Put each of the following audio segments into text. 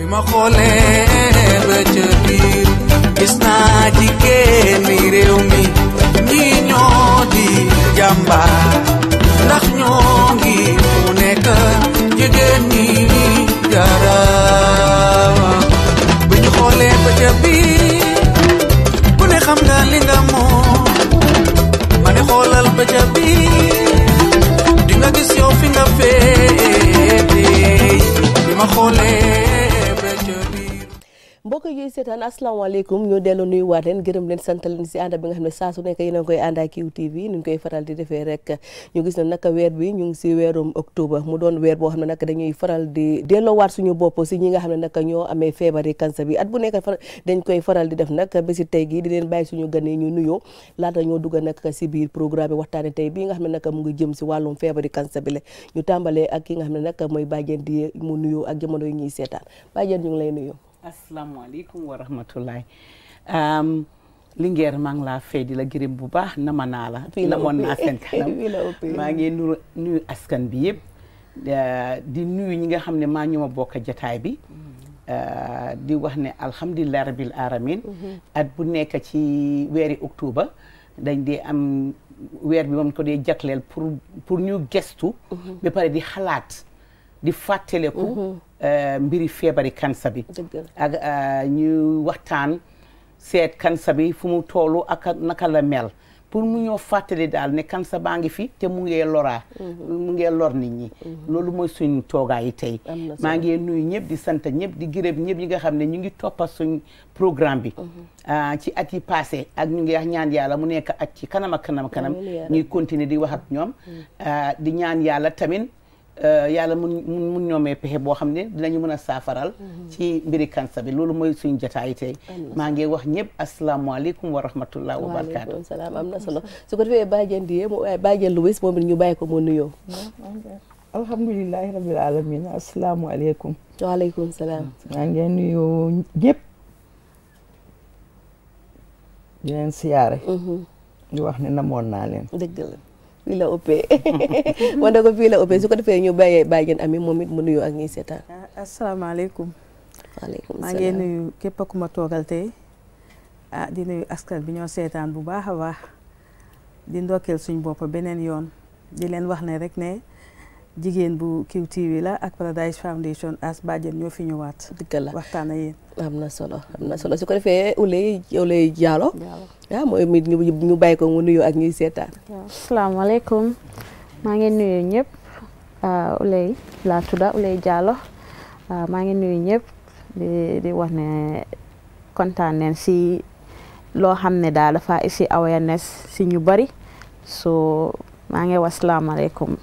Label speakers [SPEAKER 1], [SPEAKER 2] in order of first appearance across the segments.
[SPEAKER 1] في مخولي بجبير اسناجي كيني ريومي ñi ñoo di jàmbaar ndax ñoo ngi mu nekk jigéen ñi jaraama bu ñu xoolee ba ca biir mo mane xam nga li nga moom ma ne xoolal ba ma xoolee
[SPEAKER 2] mbokk yuy seetaan asalaamaaleykum ñu dellu nuyuwaat leen gërëm leen sant leen si ànd bi nga xam ne saa su nekk yéen a ngi koy ànd ak QTV ni ñu koy faral di defee ñu gis ne nag weer bi ñu ngi si weerum octobre mu doon weer boo xam ne nag dañuy faral di delloowaat suñu bopp si ñi nga xam ne nag ñoo amee feebari cancer bi at bu nekk dañ koy faral di def nag ba si tey gi di leen bàyyi suñu gan yi ñu nuyoo laata ñoo dugg nag si biir programme bi waxtaane tey bii nga xam ne nag mu ngi jëm si wàllum feebari kansa bi la ñu tàmbalee ak ki nga xam ne nag mooy bàjjen di mu nuyoo ak jamono yi ñuy seetaan
[SPEAKER 3] bàjjen ñu ngi lay nuyoo asalaamaaleykum wa rahmatulahi Linguère maa ngi laa fay di la gërëm bu baax nama naa la maa ngi nuyu askan bi yëpp di nuyu ñi nga xam ne maa ñoo bokk jataay bi mm-hmm. di wax ne alhamdulilah rabil alamin mm-hmm. at bu nekk ci weeri octobre dañ dee am weer bi moom ko dee jagleel pour ñu gestu mm-hmm. ba pare di xalaat di fàttaleku Eh, mbiri feebari kansa bi ak eh, ñu waxtaan seet kansa bi fu mu toolu ak naka la mel pour mu ñoo fàttali daal ne kansa baa ngi fi te mu ngee loraa mhm. mu ngee lor nit ñi mhm. loolu mooy suñ toogaa yi tey maa ngi nuyu ñëpp di sant ñëpp di gërëm ñëpp ñi nga xam ne ñu ngi toppa suñ programme bi mhm. ah, ci at yi passé ak ñu ngi wax ñaan yàlla mu nekk at ci kanam ak kanam kanam ñuy di wax ak ñoom ah, di ñaan yàlla tamit Euh, yàlla mun mun ñoomee pexe boo xam ne dinañu mën a saafaral mhm. ci mbiri cancer bi loolu mooy suñ jotaay tey maa ngi wax ñëpp asalaamaaleykum wa rahmatullah wa barakaatu waaleykum salaam am na solo
[SPEAKER 2] su ko defee bàjjen di yee bàjjen Louis moom ñu bàyyi ko mu nuyoo
[SPEAKER 4] alhamdulilahi rabil alamin asalaamaaleykum waaleykum salaam maa ngi nuyoo ñëpp di siyaare mhm. di wax ne namoon naa
[SPEAKER 2] fii la ëppee wante ko fii la ëppee su ko defee ñu bàyyee bàyyi ngeen ami moom it mu nuyoo ak ñiy seetaan. Ah,
[SPEAKER 5] asalaamaaleykum.
[SPEAKER 2] waaleykum maa ngi nuyu képp ku ma toogal tey ah di nuyu askan bi ñoo
[SPEAKER 5] seetaan bu baax a baax di ndokkeel suñ bopp beneen yoon di leen wax ne rek ne. jigéen bu QTV la ak Paradise Foundation as bàjjen ñoo fi ñëwaat.
[SPEAKER 2] dëgg la waxtaan am na solo am na solo su ko defee Ouleye Ouleye Diallo. waaw ah, mooy mi ñu bàyyi ko mu nuyoo ak ñuy seetaan.
[SPEAKER 5] waaw asalaamaaleykum maa ngi nuyu ñëpp ah, Ouleye laa tudda Ouleye Diallo ah, maa ngi nuyu ñëpp di wax ne kontaan si loo xam ne daal dafa si awareness si ñu bari so maa ngi wax asalaamaaleykum.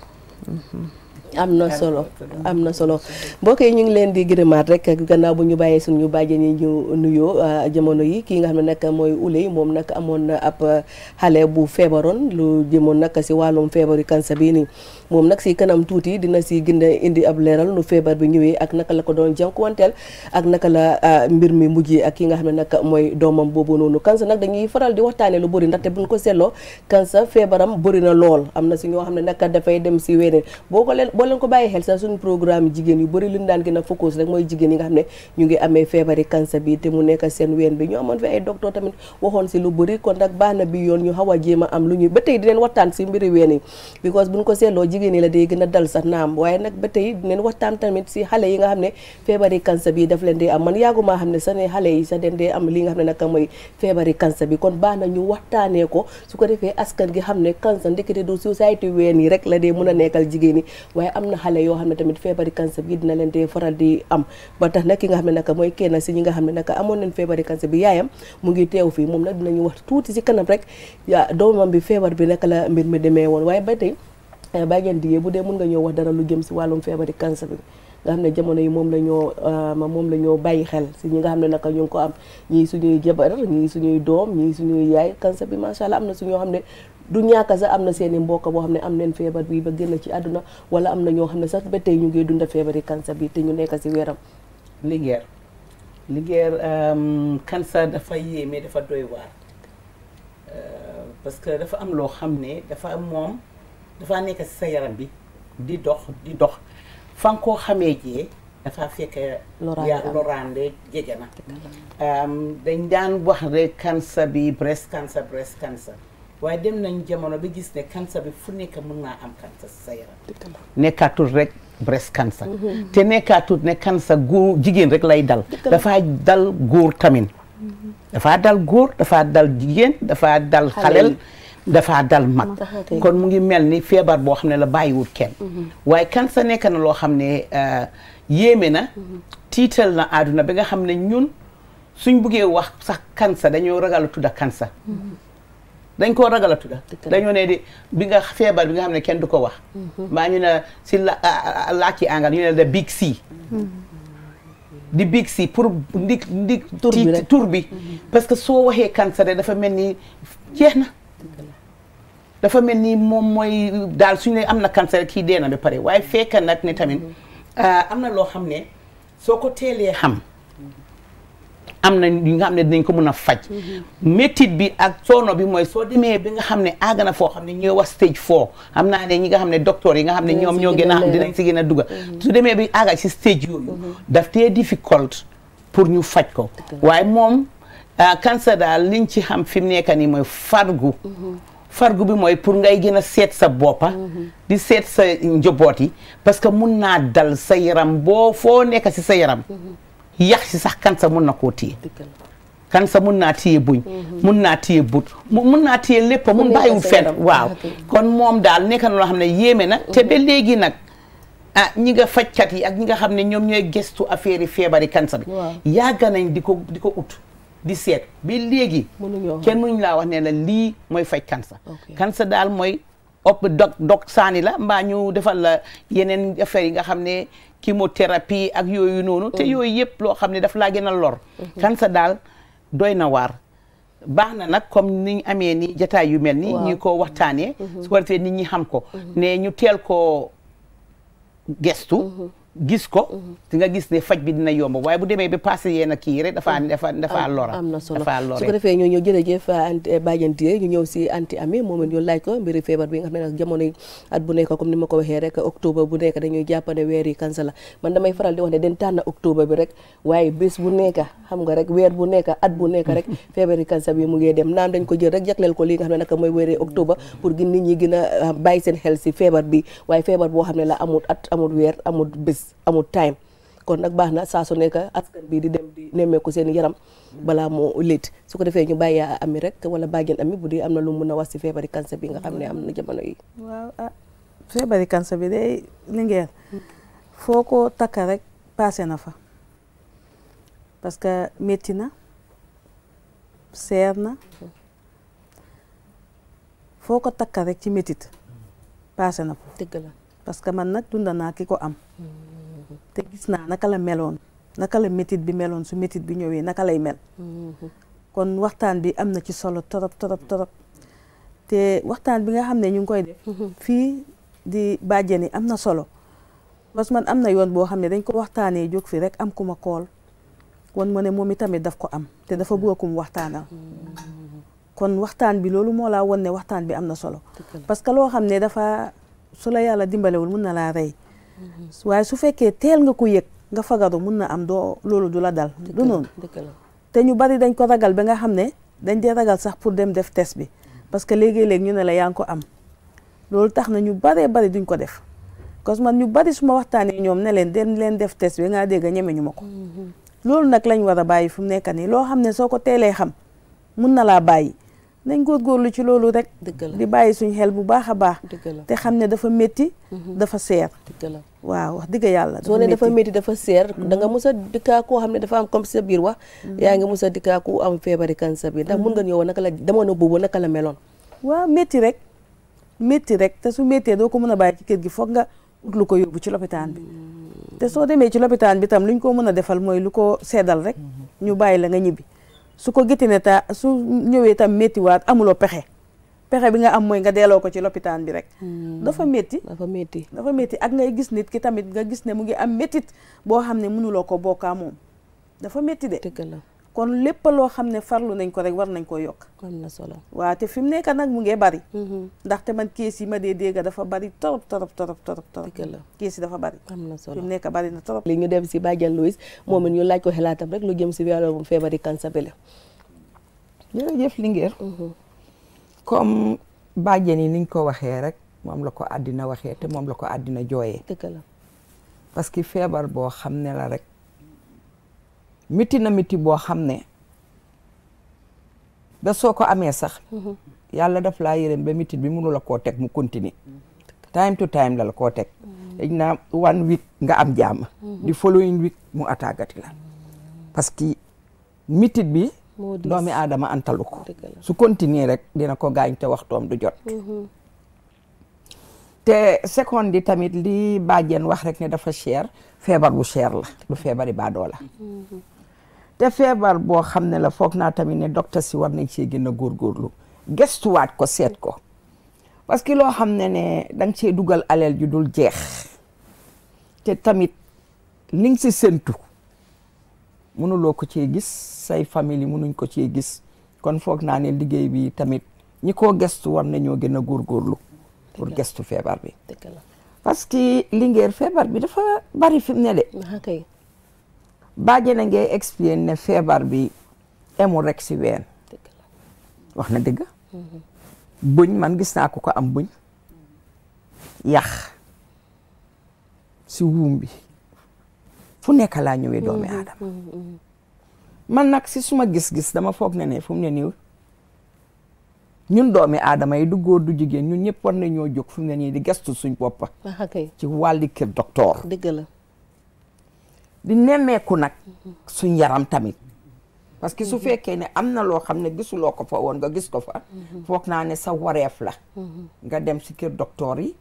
[SPEAKER 5] Mhm. am na solo
[SPEAKER 2] am na solo mbokk yi ñu ngi leen di gërëmaat rek gannaaw bu ñu bàyyee suñu bàjjee nii ñu nuyoo ah, jamono yi kii nga xam ne nag mooy Ouleye moom nag amoon na ab xale bu feebaroon lu jëmoon nag si wàllum feebaru cancer bii nii moom nag si kanam tuuti dina si gën a indi ab leeral nu feebar bi ñëwee ak naka la ko doon jànkuwanteel ak naka la ah, mbir mi mujjee ak ki nga xam ne nag mooy doomam boobu noonu cancer nag dañuy faral di waxtaanee lu bëri ndaxte buñ ko seetloo cancer feebaram bëri na lool am na si ñoo xam ne nag dafay dem si weneen boo ko leen boo leen ko bàyyi xel sax suñu programme jigéen yu lu luñ daan gën a focus rek mooy jigéen yi nga xam ne ñu ngi amee feebari cancer bi te mu nekk seen ween bi ñu amoon fi ay docteur tamit waxoon si lu bëri kon nag baax na bi yoon ñu xaw a jéem a am lu ñuy ba tey di leen waxtaan si mbiri ween ko seetloo jigéen ñi la day gën a dal sax naam waaye nag ba tey dinañ waxtaan tamit si xale yi nga xam ne feebari cancer bi am man yàggumaa xam ne sax ne ne nag mooy feebari cancer bi kon baax na ñu waxtaanee ko su ko defee askan gi xam ne cancer ndekete du société ween yi rek la dee mën a nekkal jigéen ñi waaye am na xale yoo xam ne tamit feebari cancer bi dina leen dee faral di am ba tax nag ki nga xam ne nag mooy kenn si ñi nga xam ne nag amoon nañ feebari cancer bi yaayam mu ngi teew fii moom nag dinañu wax tuuti si kanam bi feebar la mbir mi demee woon waaye ba Eh, bàjjen digee bu dee mën nga ñoo wax dara lu jëm si wàllum feebari cancer bi nga xam ne jamono yi moom lañoo ñoo euh, moom la ñoo bàyyi xel si ñi nga xam ne naka ñu ngi ko am ñii suñuy jabar ñii suñuy doom ñii suñuy yaay cancer bi macha allah am na suñoo xam ne du ñàkk sax am na seen i mbokk boo xam ne am neen feebar bi ba a ci àdduna wala am na ñoo xam ne sax ba tey ñu ngi dunda feebari kansa bi te ñu nekk si weeram liggéer
[SPEAKER 3] liggéer euh, cancer dafa yéeme dafa doy waar euh, que dafa am loo xam ne dafa moom dafa nekk si sa yaram bi di dox di dox fan koo xamee jee dafa fekk loraande jege na dañ daan wax rek cancer bi breast cancer breast cancer waaye dem nañ jamono bi gis ne cancer bi fu nekk mën naa am cancer nekkaatul rek breast cancer mhm. te nekkaatul ne cancer góor jigéen rek lay dal dafaa dal góor tamit mhm. dafaa dal góor dafa dal jigéen dafa dal xalel dafa dal mag kon mu ngi melni ni bo xamne la ne la bàyyiwul kenn mhm. waaye cancer nekk na lo xamne ne euh, yeme na mhm. titel na aduna bi nga xamne ñun suñ bëgge wax sax cancer dañu ragal a tudda cancer mhm. dañ ko ragal a tudda dañoo ne di bi nga febar bi nga xamne ken duko wax ma ñu ne si ki angal ñu ne the big C di big si pour ndik ndik tour bi tur bi parce que soo waxee cancer dafa melni ni jeex dafa mel ni moom mooy daal suñu ne am na cancer kii dee na ba pare waaye fekka nag ne tamit euh, am na loo xam ne soo ko teelee xam am na ñi nga xam ne dinañ ko mën a faj métit bi ak soono bi mooy soo demee bi nga xam ne àgg na foo xam ne ñooy wax stage four xam naa ne ñi nga xam ne docteur yi nga xam ne ñoom ñoo gën a xam dinañ si gën a dugga mm-hmm. su demee bi àgg si stage yooyu mm-hmm. daf tee difficult pour ñu faj ko waaye moom euh, cancer daal liñ ci xam fi mu nekk nii mooy fargu mm-hmm. fargu bi mooy pour ngay gën a seet sa boppa di seet sa njaboot yi parce que mun naa dal sa yaram boo foo nekk si sa yaram yax si sax kansa mun na koo téye kansa mun naa téye buñ mun naa téye but mun naa téye lépp mun bàyyiwul fenn waaw kon moom daal nekka na loo xam ne yéeme na te ba léegi nag ah ñi nga fajkat yi ak ñi nga xam ne ñoom ñooy gestu affaire yi feebari kansa bi yàgg di ko ut di seet bi léegi. kenn mënuñ laa wax ne la lii mooy faj cancer. cancer daal mooy op dog dog saani la mbaa ñu defal la yeneen affaire yi nga xam ne chimiothérapie ak yooyu noonu. te yooyu yëpp loo xam ne daf laa gën a lor. cancer daal doy na waar. baax na nag comme niñ amee ni jataay yu mel ni ñi ko waxtaanee. Mhm. su ko nit ñi xam ko. Mhm. ne ñu teel koo gestu. Mhm. gis ko. di mhm. nga gis ne faj bi dina yomb waaye bu demee ba passé yéen a kii rek dafa dafa dafa lora. am na solo dafa lora su ko defee
[SPEAKER 2] ñoo ñëw jërëjëf anti eh, bàjjantie ñu ñëw si anti ami moom it ñu laaj ko mbiri feebar bi nga xam ne nag jamono at bu nekk comme ni ma ko waxee rek octobre bu nekk dañuy jàpp weer yi kansa la man damay faral di wax ne den tànn octobre bi rek waaye bés bu nekk xam nga rek weer bu nekk at bu nekk rek feebar yi kansa bi mu ngee dem naam dañ ko jël rek jagleel ko li nga xam ne nag mooy weeri octobre pour gin nit ñi gën a ah, bàyyi seen xel si feebar bi feebar boo xam ne la amul at weer amul bés stress amul time kon nag baax na saa su nekk askan bi di dem di nemmeeku seen yaram balaa moo léet su ko defee ñu bàyyi yaa ami rek wala bàjjen ami bu dee am na lu mun a si feebari cancer bi nga xam ne am na jamono yi. waaw ah feebari cancer bi day lingeer foo ko takka rek passé na fa
[SPEAKER 5] parce que métti na seer na foo ko takka rek ci métit passé na fa. dëgg la que man nag dunda naa ki ko am. Mm. te gis naa naka la meloon naka la métit bi meloon su métit bi ñëwee naka lay mel mm-hmm. kon waxtaan bi am na ci solo torop torop torop te waxtaan bi nga xam ne ñu ngi koy def mm-hmm. fii di ni am na solo parce que man am na yoon boo xam ne dañ ko waxtaanee jóg fi rek am ku ma kool wan ma ne moom itamit daf ko am te dafa bëgg ku mu mm-hmm. kon waxtaan bi loolu moo laa won ne waxtaan bi am na solo parce que loo xam ne dafa su la yàlla dimbalewul mun na laa rey waaye su fekkee teel nga ko yëg nga fagaru mun na am doo loolu du la dal du noonu te ñu bari dañ ko ragal ba nga xam ne dañ dee ragal sax pour dem def test bi parce que léegi-léeg ñu ne la yaa ko am loolu tax na ñu baree bari duñ ko def parce que man ñu bari su suma waxtaanee ñoom ne leen dem leen def test bi nga dégg ñeme ñu ma ko mm-hmm. loolu nag lañ war a bàyyi fu mu nekk nii loo xam ne soo ko teelee xam mun na laa bàyyi nañ góorgóorlu ci loolu rek di bàyyi suñ xel bu baax a baax te xam ne dafa métti mhm.
[SPEAKER 2] dafa seer waaw wax dëgg yàlla soo ne dafa métti dafa seer mhm. da nga mos a dikkaa koo xam ne dafa am comme sa biir mhm. yaa ngi mos a dikkaa ku am feebari kan sa biir ndax mun nga ñëw naka la demoon boobu naka meloon waaw métti rek métti rek te su méttee doo ko mën a bàyyi ci kër gi foog
[SPEAKER 5] nga lu ko yóbbu ci lopitaan bi mm. te soo demee ci lopitaan bi tam ñu ko mën a defal mooy lu ko seddal rek ñu bàyyi la nga ñibbi su ko ne ta su ñëwee tam méttiwaat amuloo pexe pexe bi nga am mooy nga delloo ko ci loppitaan bi rek hmm. dafa métti dafa métti dafa métti ak ngay gis nit ki tamit nga gis ne mu ngi am méttit boo xam ne mënuloo ko bokkaa moom dafa métti de dëgg kon lépp loo xam ne farlu nañ ko rek war nañ ko yokk am na solo waaw te fi mu nekk nag mu ngee bari mm-hmm. ndaxte man kees yi ma dee dégg dafa bari torop torop torop
[SPEAKER 2] torop torop kees yi dafa bari am na solo fi mu nekk bari na torop léegi ñu dem si Badiane Louise moom it ñu laaj ko xelaatam rek lu jëm si wàllum feebari cancer bi la
[SPEAKER 4] jërëjëf Linguère mm-hmm. comme bàjjen yi niñ ko waxee rek moom la ko àddina waxee te moom la ko àddina jooyee dëgg la parce que feebar boo xam ne la rek miti na miti bo xamne da soko ko sax mhm. yalla daf la yërëm ba miti bi mënu la ko tek mu continue time to time la ko tek igna one week nga am jam di mhm. following week mu attaquati la parce que miti bi doomi adama antalu ko su continue rek dina ko gañ te waxtom du jot mhm. te second di tamit li bajen wax rek ne dafa cher febar bu cher la du ba do la te feebar boo xam ne la foog naa tamit ne docteur si war nañ cee gën a góorgóorlu gestuwaat ko seet ko parce que loo xam ne ne danga cee dugal aleel ju dul jeex te tamit li nga si séntu mënuloo ko cee gis say famille mënuñ ko cee gis kon foog naa ne liggéey bi tamit ñi ko gestu war nañoo gën a góorgóorlu pour gestu feebar bi parce que Linguère feebar bi dafa bari fi mu ne de bàjjen a ngay expliqué ne feebar bi emu rek si ween wax na dëgg buñ man gis naa ko ko am buñ yax si wuum bi fu nekk laa ñëwee doomi mm-hmm.
[SPEAKER 5] aadama mm-hmm.
[SPEAKER 4] man nag si suma gis-gis dama foog ne ne fu mu ne nii ñun doomi aadama yi du góor du jigéen ñu ñëpp war nañoo jóg fu mu ne nii di gestu suñ boppa ci wàlli kër docteur la di nemmeeku nag suñ yaram tamit parce que su fekkee ne am na loo xam ne gisuloo ko fa woon nga gis ko fa foog naa ne sa wareef la nga dem si kër docteur yi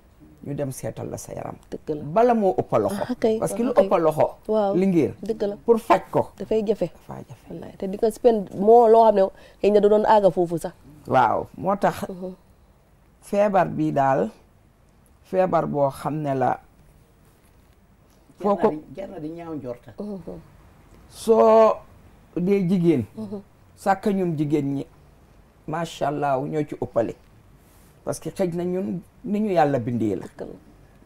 [SPEAKER 4] ñu dem seetal la sa yaram bala moo ëpp loxo ah, parce que lu ah, ëpp loxo
[SPEAKER 2] li ngir dëgg la pour faj ko dafay jafe
[SPEAKER 4] dafay
[SPEAKER 2] te di ko spend moo loo xam ne xëy da doon aaga foofu sax
[SPEAKER 4] waaw moo tax mm-hmm. feebar bi daal feebar boo xam ne la
[SPEAKER 3] foo ko di ñaaw njorta
[SPEAKER 4] soo dee jigéen sàkka ñun jigéen ñi macha allah ñoo ci ëppale parce que xëj na ñun ni ñu yàlla bindee la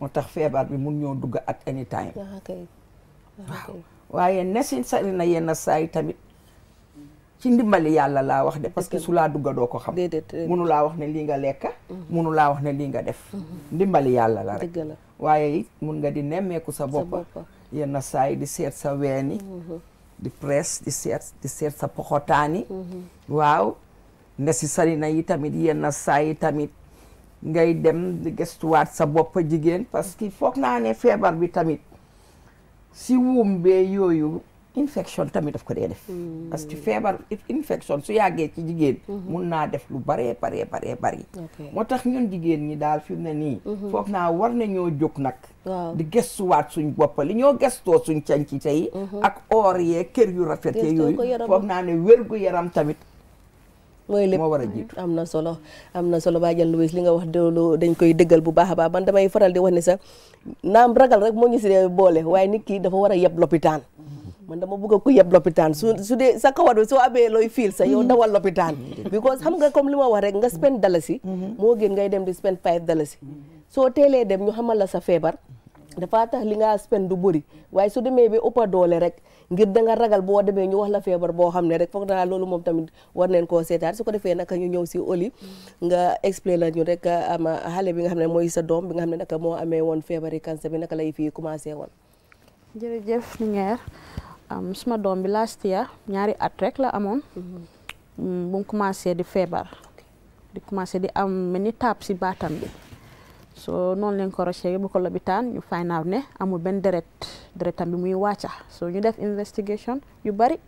[SPEAKER 4] moo tax feebar bi mun ñoo dugg at any time waaw waaye nesin sari na yenn saay tamit ci ndimbali yàlla laa wax de parce que su laa dugga doo ko xam munu laa wax ne lii nga lekk mhm. munu laa wax ne lii nga def mhm. ndimbali yàlla la rek waaye it mun nga di nemmeeku sa bopp yenn saa yi di seet sa weeni mhm. di presse di seet sa poxotaani waaw nde si sari na yi tamit yenn saa yi tamit ngay dem di gëstuwaat sa boppa jigéen parce que foog naa ne feebar bi tamit si wuum bee yooyu infection tamit daf ko dee def. Mm. parce que feebar infection su yàggee ci jigéen. Mm-hmm. mun naa def lu baree baree baree bari. moo tax ñun jigéen ñi daal fi mu ne nii. Mm-hmm. naa war nañoo jóg nag. di gëstuwaat suñ bopp li ñoo gëstoo suñ canci tey. Mm-hmm. ak or yee kër yu rafetee yooyu. foog naa ne wérgu yaram tamit. mooy lépp moo war a jiitu
[SPEAKER 2] na solo am na solo bàjjan Louis li nga wax loolu dañ koy dëggal bu baax a baax man damay faral di wax ni sax naam ragal rek moo ñu si boole waaye nit ki dafa war a yeb lopitaan man dama bëgg ku yeb lopitaan su dee sa kawar bi soo amee looy fiil sa yow mm-hmm. dawal lopitaan mm-hmm. Mm-hmm. because xam nga comme li ma wax rek nga spend dalasi moo gën ngay dem di spend five dalasi soo teelee dem ñu xamal la sa feebar dafa tax li nga spend du bëri waaye su demee ba ëppa doole rek ngir da nga ragal boo demee ñu wax la feebar boo xam ne rek foog naa loolu moom tamit war neen koo seetaat su ko defee naka ñu ñëw si oli nga expliqué la ñu rek uh, ama xale bi nga xam ne mooy sa doom bi nga xam ne naka moo amee woon feebari cancer bi naka lay fii commencé woon
[SPEAKER 5] jërëjëf Linguère am suma dom bi last year ñaari at rek la mm-hmm. mm -hmm. mu commencé di febar di commencé di am meni tap ci si bi so non len ko rocher bu ko lobitan ñu find out ne amu ben deret deretam bi muy wacha so ñu def investigation yu bari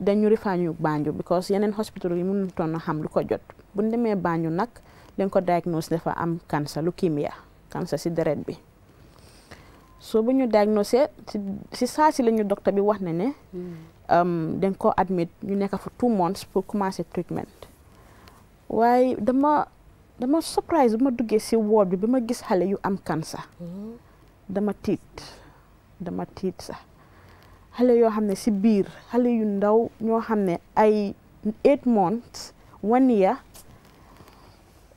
[SPEAKER 5] dañ ñu rifaa ñu because yenen hospital yi mënu ton xam lu ko jot bu démé demee nak len ko diagnose dafa am cancer leukemia cancer si deret bi so ba ñu diagnosé si saa si lañu ñu bi wax na ne. den ko admit ñu nekk fa two months pour commencer treatment. waaye dama dama surprise bi ma duggee si ward bi bi ma gis xale yu am cancer. dama tiit dama tiit sax xale yoo xam ne si biir xale yu ndaw ñoo xam ne ay eight months one year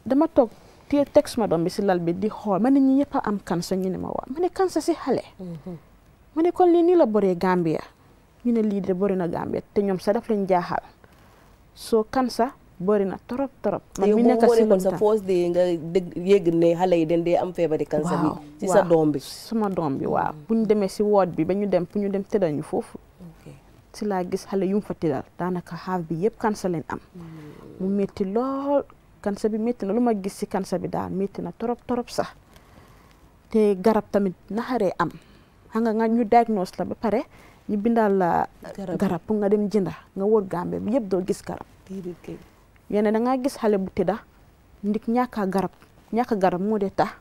[SPEAKER 5] dama toog téye texte ma doom bi si lal bi di xool ma ne ñi ñëpp a am cancer ñu ne ma waa ma ne cancer si xale mm-hmm. ma ne kon lii nii la boree Gambia ñu ne lii de bori na Gambia te ñoom sa daf leen jaaxal soo cancer bori na torop torop man mi nekk si loolu sa foos
[SPEAKER 2] de nga dégg yëg ne xale yi dañ dee am feebari cancer bi
[SPEAKER 5] si sa doom bi sama doom bi waaw mm-hmm. bu ñu demee si wood bi ba ñu dem pour ñu dem tëddal ñu foofu si laa gis xale yu mu fa tëddal daanaka xaaf bi yëpp cancer leen am mm-hmm. mu métti lool Kan bi metti na luma gis ci bi daal metti na torop torop sax te garab tamit naxaré am nga nga ñu diagnose la ba pare ñu bindal la garab nga dem jinda nga wor gambe bi yëpp gis garab yene da nga gis xalé bu tida ndik ñàkka garab ñàkka garab mo dé tax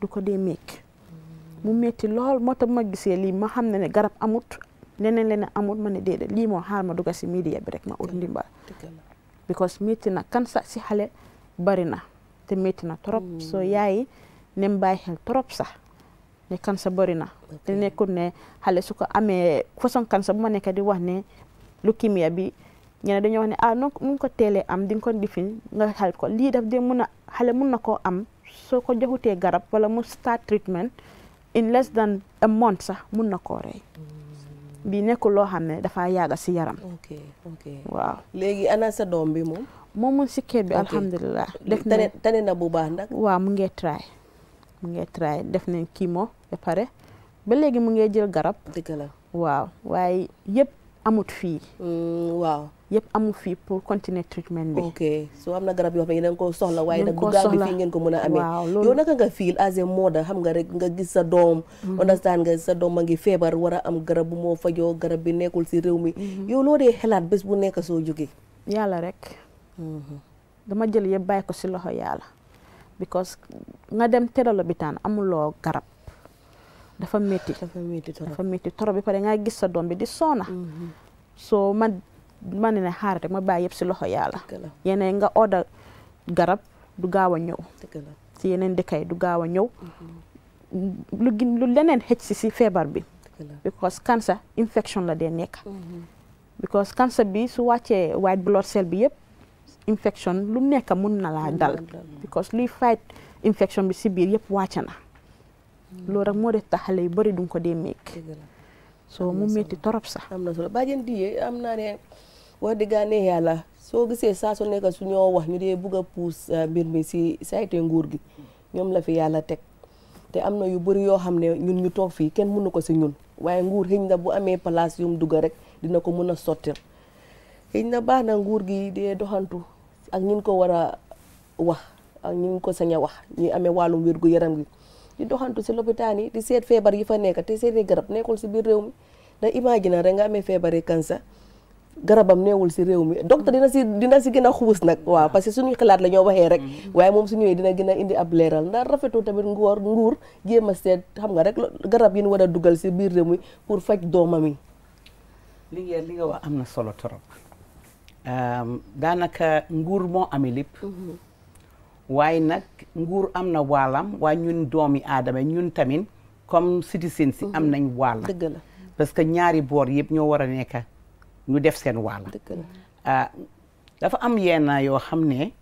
[SPEAKER 5] du ko dee meek mu metti lool ma gisé li ma xamné né garab amut nenen nene amut mané dédé li mo moo ma duga media bi rek ma ut ndimbal because metti na kansa si xalé bari na te métti na trop hmm. soo yaay nem bàyyi xel trop sax ne kansa bari na te nekkul ne xale su ko amee façon kansa bu ma nekk di wax ne leukemia bi ñene dañoo wax ne ah nu ngi ko teelee am di nga ko difin nga xal ko lii daf dee mun a xale mun na koo am soo ko joxutee garab wala mu start treatment in less than a sax mun na koo rey hmm. bi nekkul loo xam ne dafa yaaga si yaram. ok bi moom. moom si kër bi alhamdulilah. def nañ tane na bu baax nag. waaw mu ngi try def nañ kimo ba pare ba léegi mu ngee jël garab. dëgg la waaw waaye yëpp
[SPEAKER 2] amut fii. Mm, waaw yëpp amut fii pour continuer treatment bi. ok so am na garab yoo xam ne da koo soxla. waaye nag du garab bi fii ngeen ko mën a amee. waaw loolu yow naka nga fiil as a mother nga rek nga gis sa doom. Mhm. understand nga sa doom a ngi feebar war a am garab bu moo fajoo garab bi nekkul si réew mi. Mhm. yow loo dee xalaat bés bu nekk soo jógee.
[SPEAKER 5] yàlla rek. Mhm. dama jël yëpp bàyyi ko si loxo yàlla because nga dem tëral bitaan amuloo garab dafa métti dafa métti torop bi pare nga gis sa doom bi di soona mhm. so man ma ne ne xaar ma bàyyi yëpp si loxo yàlla yeneen nga oda garab du gaaw a ñëw si yeneen dëkkay du gaaw a ñëw mhm. lu gin lu leneen xëcc si feebar bi because cancer infection la dee nekk because cancer bi su wàccee white blood cell bi yëpp infection lu nekk mun na laa dal because luy fight infection bi si biir yëpp wàcc na hmm.
[SPEAKER 2] loolu rek moo de tax xale yu bëri duñ ko dee meek soo mu metti torop sax am na solo bàjjen am na ne wax dëgg yàlla soo gisee saa su nekk su ñoo wax ñu dee bugg a puus uh, mbir mi si sayte nguur gi ñoom la fi yàlla teg te am na yu bëri yoo xam ne ñun ñu toog fii kenn mënu ko si ñun waaye nguur xëñ na bu amee place yum dugga rek dina ko mën a sottil xëy na baax na nguur gi dee doxantu ak ñun ko war a wax ak ñun ko sañ a wax ñuy amee wàllum wér gu yaram gi di doxantu si lopitaan yi di seet feebar yi fa nekk te seeni garab nekkul si biir réew mi da imagine rek nga amee feebari cancer garabam neewul si réew mi docteur dina si dina si gën a xuus nag waaw parce que suñu xalaat la ñoo waxee rek mm-hmm. waaye moom su ñëwee dina gën a indi ab leeral ndax rafetul tamit nguur nguur jéem a seet xam nga rek garab yi ñu war a dugal si biir réew mi pour faj doomam yi
[SPEAKER 3] li li nga wax am na solo trop daanaka nguur moo amee lépp mhm. waaye nag nguur am na waalam waaye ñun doomi aadama ñun tamit comme citizen si am mhm. nañ waala parce que ñaari boor yëpp ñoo war a nekk ñu def seen waala ah, dafa am yenn yoo xam ne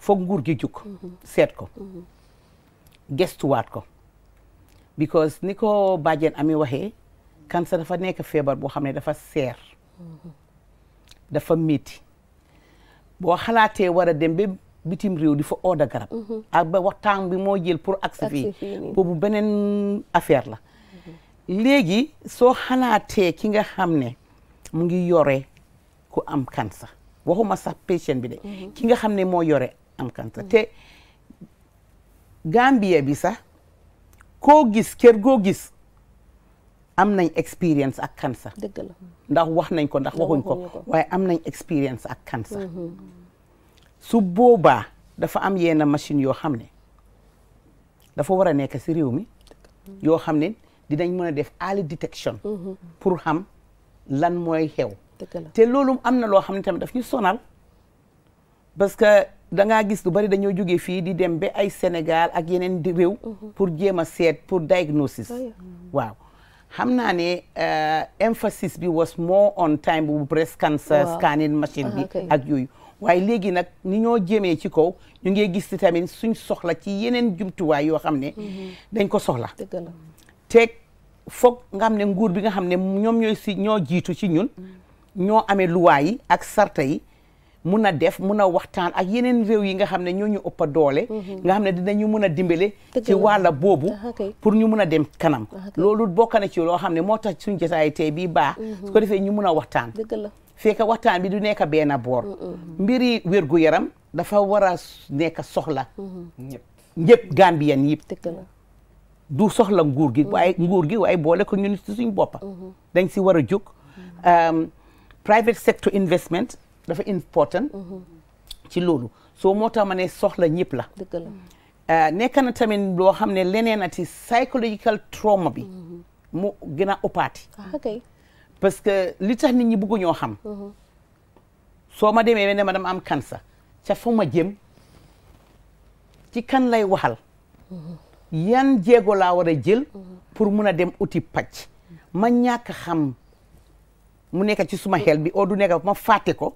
[SPEAKER 3] foog nguur gi jug mhm. seet ko gestuwaat ko because ni ko bàjjen ami waxee cancer dafa nekk feebar boo xam ne dafa seer dafa métti boo xalaatee war a dem ba bitim réew di fa ooda garab. Mhm. ak ba waxtaan bi moo jël pour agsi fii boobu beneen affaire la. léegi soo xalaatee ki nga xam ne mu ngi yore ku am cancer waxuma sax patient bi de. Mhm. ki nga xam ne moo yore am cancer mhm. te Gambia bi sax ko gis kër goo gis. am nañ expérience ak cancer. dëgg ndax wax nañ ko ndax waxuñ ko waaye am nañ expérience ak cancer. Mhm. su boobaa dafa am yenn machine yoo xam ne dafa war a nekk si réew mi yoo xam ne dinañ mën a def early detection. Mhm. pour xam lan mooy xew. te loolu am na loo xam ne tamit daf ñu sonal parce que da ngaa gis lu bari dañoo jógee fii di dem ba ay Sénégal ak yeneen réew. Mhm. pour jéem a seet pour diagnosis waaw. xam naa ne euh, emphasis bi was more on time bu breast cancer scanning machine bi ah, ak yooyu waaye léegi nag ni ñoo jëmee ci kaw ñu ngi gis ci tamit suñ soxla ci yeneen jumtuwaay yoo xam ne mhm. dañ ko soxla te foog nga xam ne nguur bi nga xam ne ñoom ñooy si ñoo jiitu ci ñun mm. ñoo amee luwaa yi ak sarta yi mun a def mun a waxtaan ak yeneen réew yi nga xam ne ñoo ñu ëpp a doole. Mhm. nga xam ne dinañu mun a dimbale. ci wàlla boobu. Ah, pour ñu mun a dem kanam. Ah, loolu bokk na ci loo xam ne moo tax suñu jotaay tey bii baax. Mhm. su ko defee ñu mun a waxtaan. fekk waxtaan bi du nekk benn boor. mbiri wérgu yaram dafa war a nekk soxla. Mm-hmm. ñëpp ñëpp Gambien yëpp. du soxla nguur gi. waaye mm-hmm. nguur gi waaye boole ko ñun ci suñu bopp. Mm-hmm. dañ si war a jóg. Um, private sector investment. dafa important ci loolu soo moo tax ma ne soxla ñëpp la euh, nekk na tamit loo xam ne leneen a ati psychological trauma bi mu gën a opaati ah, parce que li tax nit ñi bëggu ñoo xam mhm. soo ma demee ne ma dama am cancer ca fa ma jëm ci kan lay waxal mhm. yan jéego laa war a jël mhm. pour mun a dem uti pàcc ma ñàkk xam mu nekk ci suma xel bi oo du nekk ma fàtte ko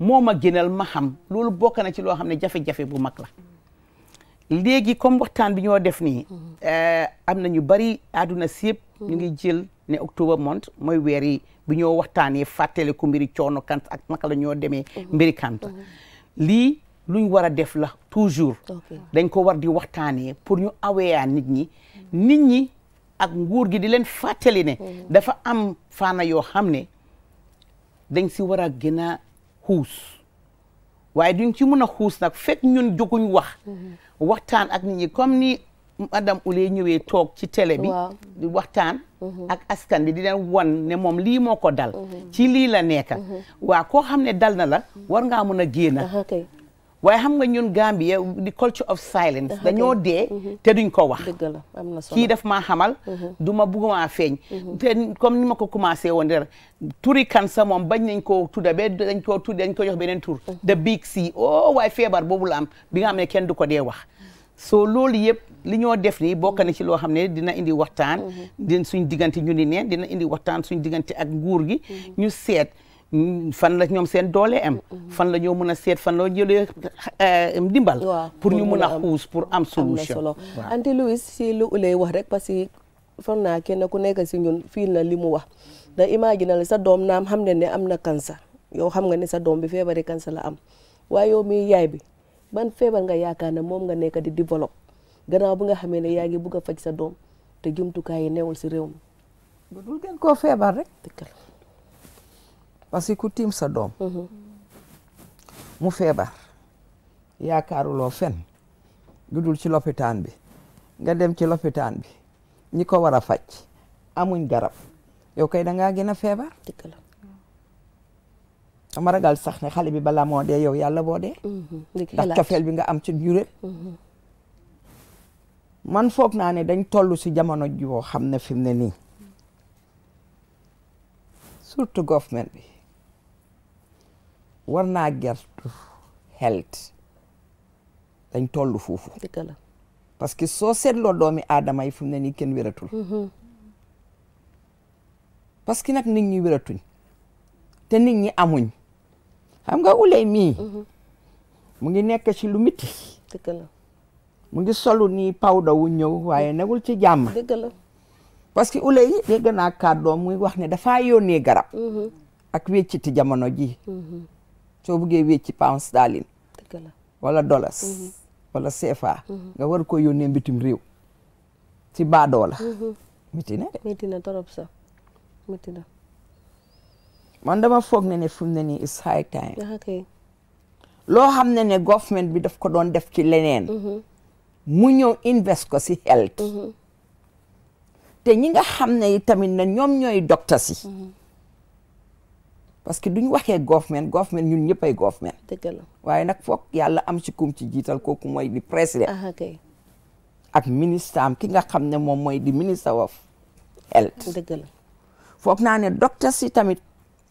[SPEAKER 3] moom a gënal ma xam loolu bokk na ci loo xam ne jafe-jafe bu mag la léegi comme waxtaan bi ñoo def nii eh, am na ñu bari àdduna si yëpp ñu ngi jël ne octobre month mooy weeri yi bi ñoo waxtaanee fàttale ko mbiri coono kant ak naka la ñoo demee mbiri kant lii luñ war a def la toujours dañ ko war di waxtaanee pour ñu awee aweyaan nit ñi nit ñi ak nguur gi di leen fàttali ne mm. dafa am faana yoo xam ne dañ si war a xuus waaye duñ ci mën a xuus nag fekk ñun jóguñ wax mm-hmm. waxtaan ak nit ñi comme ni madame Ouleye ñëwee toog ci télé bi di waxtaan mm-hmm. ak askan bi di leen wan ne moom lii moo ko dal mm-hmm. ci lii la neka waa koo xam ne dal na la war ngaa mën a génn waaye xam nga ñun Gambia di culture of silence dañoo dee mhm. te duñ ko wax dëgg la am na solo kii def maa xamal mhm. du ma bugg bugguma feeñ mhm. te comme ni ma ko commencé woon der turi cancer moom bañ nañ koo tudda ba dañ koo tudd dañ ko jox beneen tur the big C oh waaye boobu la bi nga xam kenn du ko dee wax so loolu yëpp li ñoo def nii bokk na ci loo xam ne dina indi waxtaan din suñ diggante ñu ni ne dina indi waxtaan suñ diggante ak nguur gi ñu seet fan la ñoom seen doole am mm-hmm. fan la ñoo mën a seet fan la jëlee eh, dimbal pour ñu mën a xuus pour am solution solo anti
[SPEAKER 2] Louis si lu ulay wax rek parce que foog naa kenn ku nekk si ñun fii na li mu wax da imagine la sa doom naam xam ne ne am na cancer yow xam nga ne sa doom bi feebari cancer la am waaye yow mi yaay bi ban feebar nga yaakaar ne moom nga nekk di développe gannaaw bi nga xamee ne yaa ngi bugg a faj sa doom te jumtukaay yi newul si réew mi
[SPEAKER 4] parce que ku tiim sa doom mhm. mu feebar yaakaaruloo fen dul ci loppitaan bi nga dem ci loppitaan bi ñi ko war a faj amuñ garab yow kay dangaa gën a feebar dama ragal sax ne xale bi balaa moo dee yow yàlla boo dee mhm. ndax cofeel bi nga am ci juré mhm. man foog naa ne dañ toll si jamono woo xam ne fi mu ne nii surtout government bi war naa gertu health dañ toll foofu parce que soo seetloo doomi aadama yi fu ne nii kenn wératul mm-hmm. parce que nag nit ñi wératuñ te nit ñi amuñ xam nga uley mii mm-hmm. mu ngi nekk ci lu miti mu ngi solu nii pawda wu ñëw waaye nagul ci jàmm parce que uley dégg naa kàddoom muy wax ne dafaa yónnee garab mm-hmm. ak wécciti jamono ji soo buggee wécc ci pounds sterling dëgg wala dollars mhm. wala CFA mhm. nga war ko yónnee mbitim réew ci baadoo la miti mhm. na de
[SPEAKER 2] miti na torop sax na
[SPEAKER 4] man dama high time ah, loo xam ne ne government bi daf ko doon def ci leneen mu ñëw invest ko si health te ñi nga xam ne tamit na ñoom ñooy docteurs parce que duñ waxee government government ñun ñëpp ay government. dëgg la waaye nag foog yàlla am ci kum ci jiital kooku mooy di président. ak ministre am ki nga xam ne moom mooy di minister of health. dëgg la foog naa ne docteur si tamit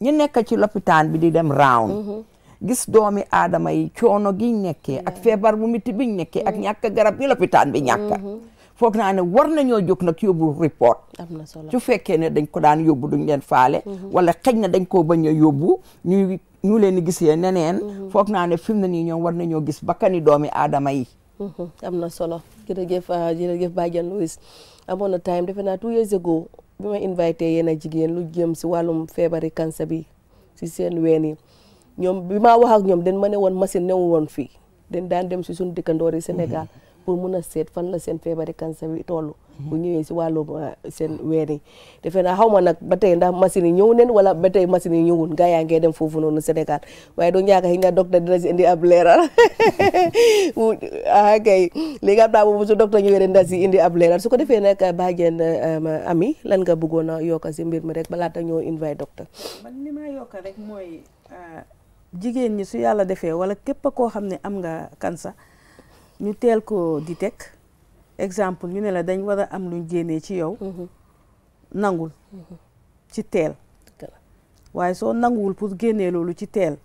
[SPEAKER 4] ñu nekk ci lopitaan bi di dem round. Mhm. gis doomi aadama yi coono gi nekke ak feebar bu miti biñ nekke ak mm. ñàkk garab yi lopitaan bi ñàkk. Mhm. foog naa ne war nañoo jóg nag yóbbu report. am na solo su fekkee ne dañ ko daan yóbbu duñ leen faale. Mhm. wala xëj na dañ koo bañ a yóbbu ñuy ñu leen di gisee neneen. Mhm. foog naa ne fi mu ne nii ñoom war nañoo gis bakkani doomi aadama yi.
[SPEAKER 2] Mhm. am na solo jërëjëf ah, jërëjëf Badiane Louise amoon na time defe naa two years ago bi ma invité yéen a jigéen lu jëm si wàllum feebari cancer bi si seen ween yi ñoom bi ma wax ak ñoom dañ ma ne woon machine newu woon fii dañ daan dem si suñu dëkkandoor yi Sénégal. pour mun a seet fan la seen feebari cancer bi toll. bu ñëwee si wàllum euh, seen weer yi. defe naa xaw ma nag ba tey ndax machine yi ñëw neen wala ba tey machine yi ñëwul gaa yaa ngee dem foofu noonu Sénégal waaye doo ñaaka xëy na docteur dina si indi ab leeral ah kay léegi ab daa boobu su docteur ñëwee si indi ab leeral su ko defee nag euh, bàjjen euh, ami lan nga bëggoon a yokk si mbir mi rek balaata ñoo invite docteur. man
[SPEAKER 5] li ma yokk rek mooy
[SPEAKER 2] jigéen ñi su yàlla defee wala képp koo xam ne am
[SPEAKER 5] nga kansa. ñu teel ko di tek exemple ñu ne la dañ war a am luñ génnee ci yow mhm. nangul mhm. ci teel waaye soo nanguwul pour génnee loolu ci teel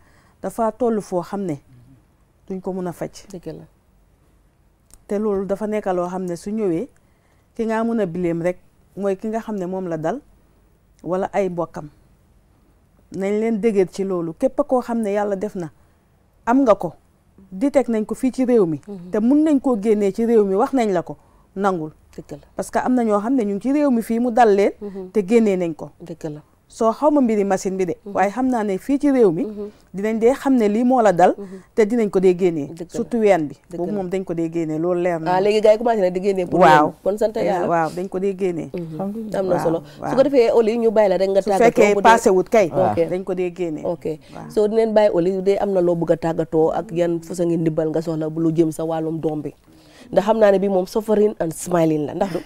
[SPEAKER 5] dafa toll foo xam ne duñ ko mun a faj te loolu dafa nekk loo xam ne su ñëwee ki ngaa mun a bileem rek mooy ki nga xam ne moom la dal wala ay mbokkam nañ leen dëgër ci loolu képp koo xam ne yàlla def na am nga ko di détecté nañ ko fii ci réew mi mhm. te mun nañ koo génnee ci réew mi wax nañ la ko nangul dëgg parce que am na ñoo xam ne ñu ngi ci réew mi fii mu dal leen mhm. te génnee nañ ko dëgg la soo xaw ma mbiri machine bi de mhm. waaye xam naa ne fii ci réew mi mhm. dinañ dee xam ne lii moo la dal mhm. te dinañ ko dee génnee surtout ween bi boobu moom dañ ko dee génnee loolu leer na ah, léegi
[SPEAKER 2] gars yi commencé na di génnee pour waaw kon sant yàlla eh, waaw dañ am na solo su ko defee Oli ñu bàyyi la rek nga tàggatoo su fekkee passé wut kay dañ ko dee génnee ok soo dinañ bàyyi Oli dee am na loo bëgg a tàggatoo ak yan fasa ngi ndimbal nga soxla bu lu jëm sa wàllum doom bi ndax xam naa ne bi moom suffering and smiling la ndax du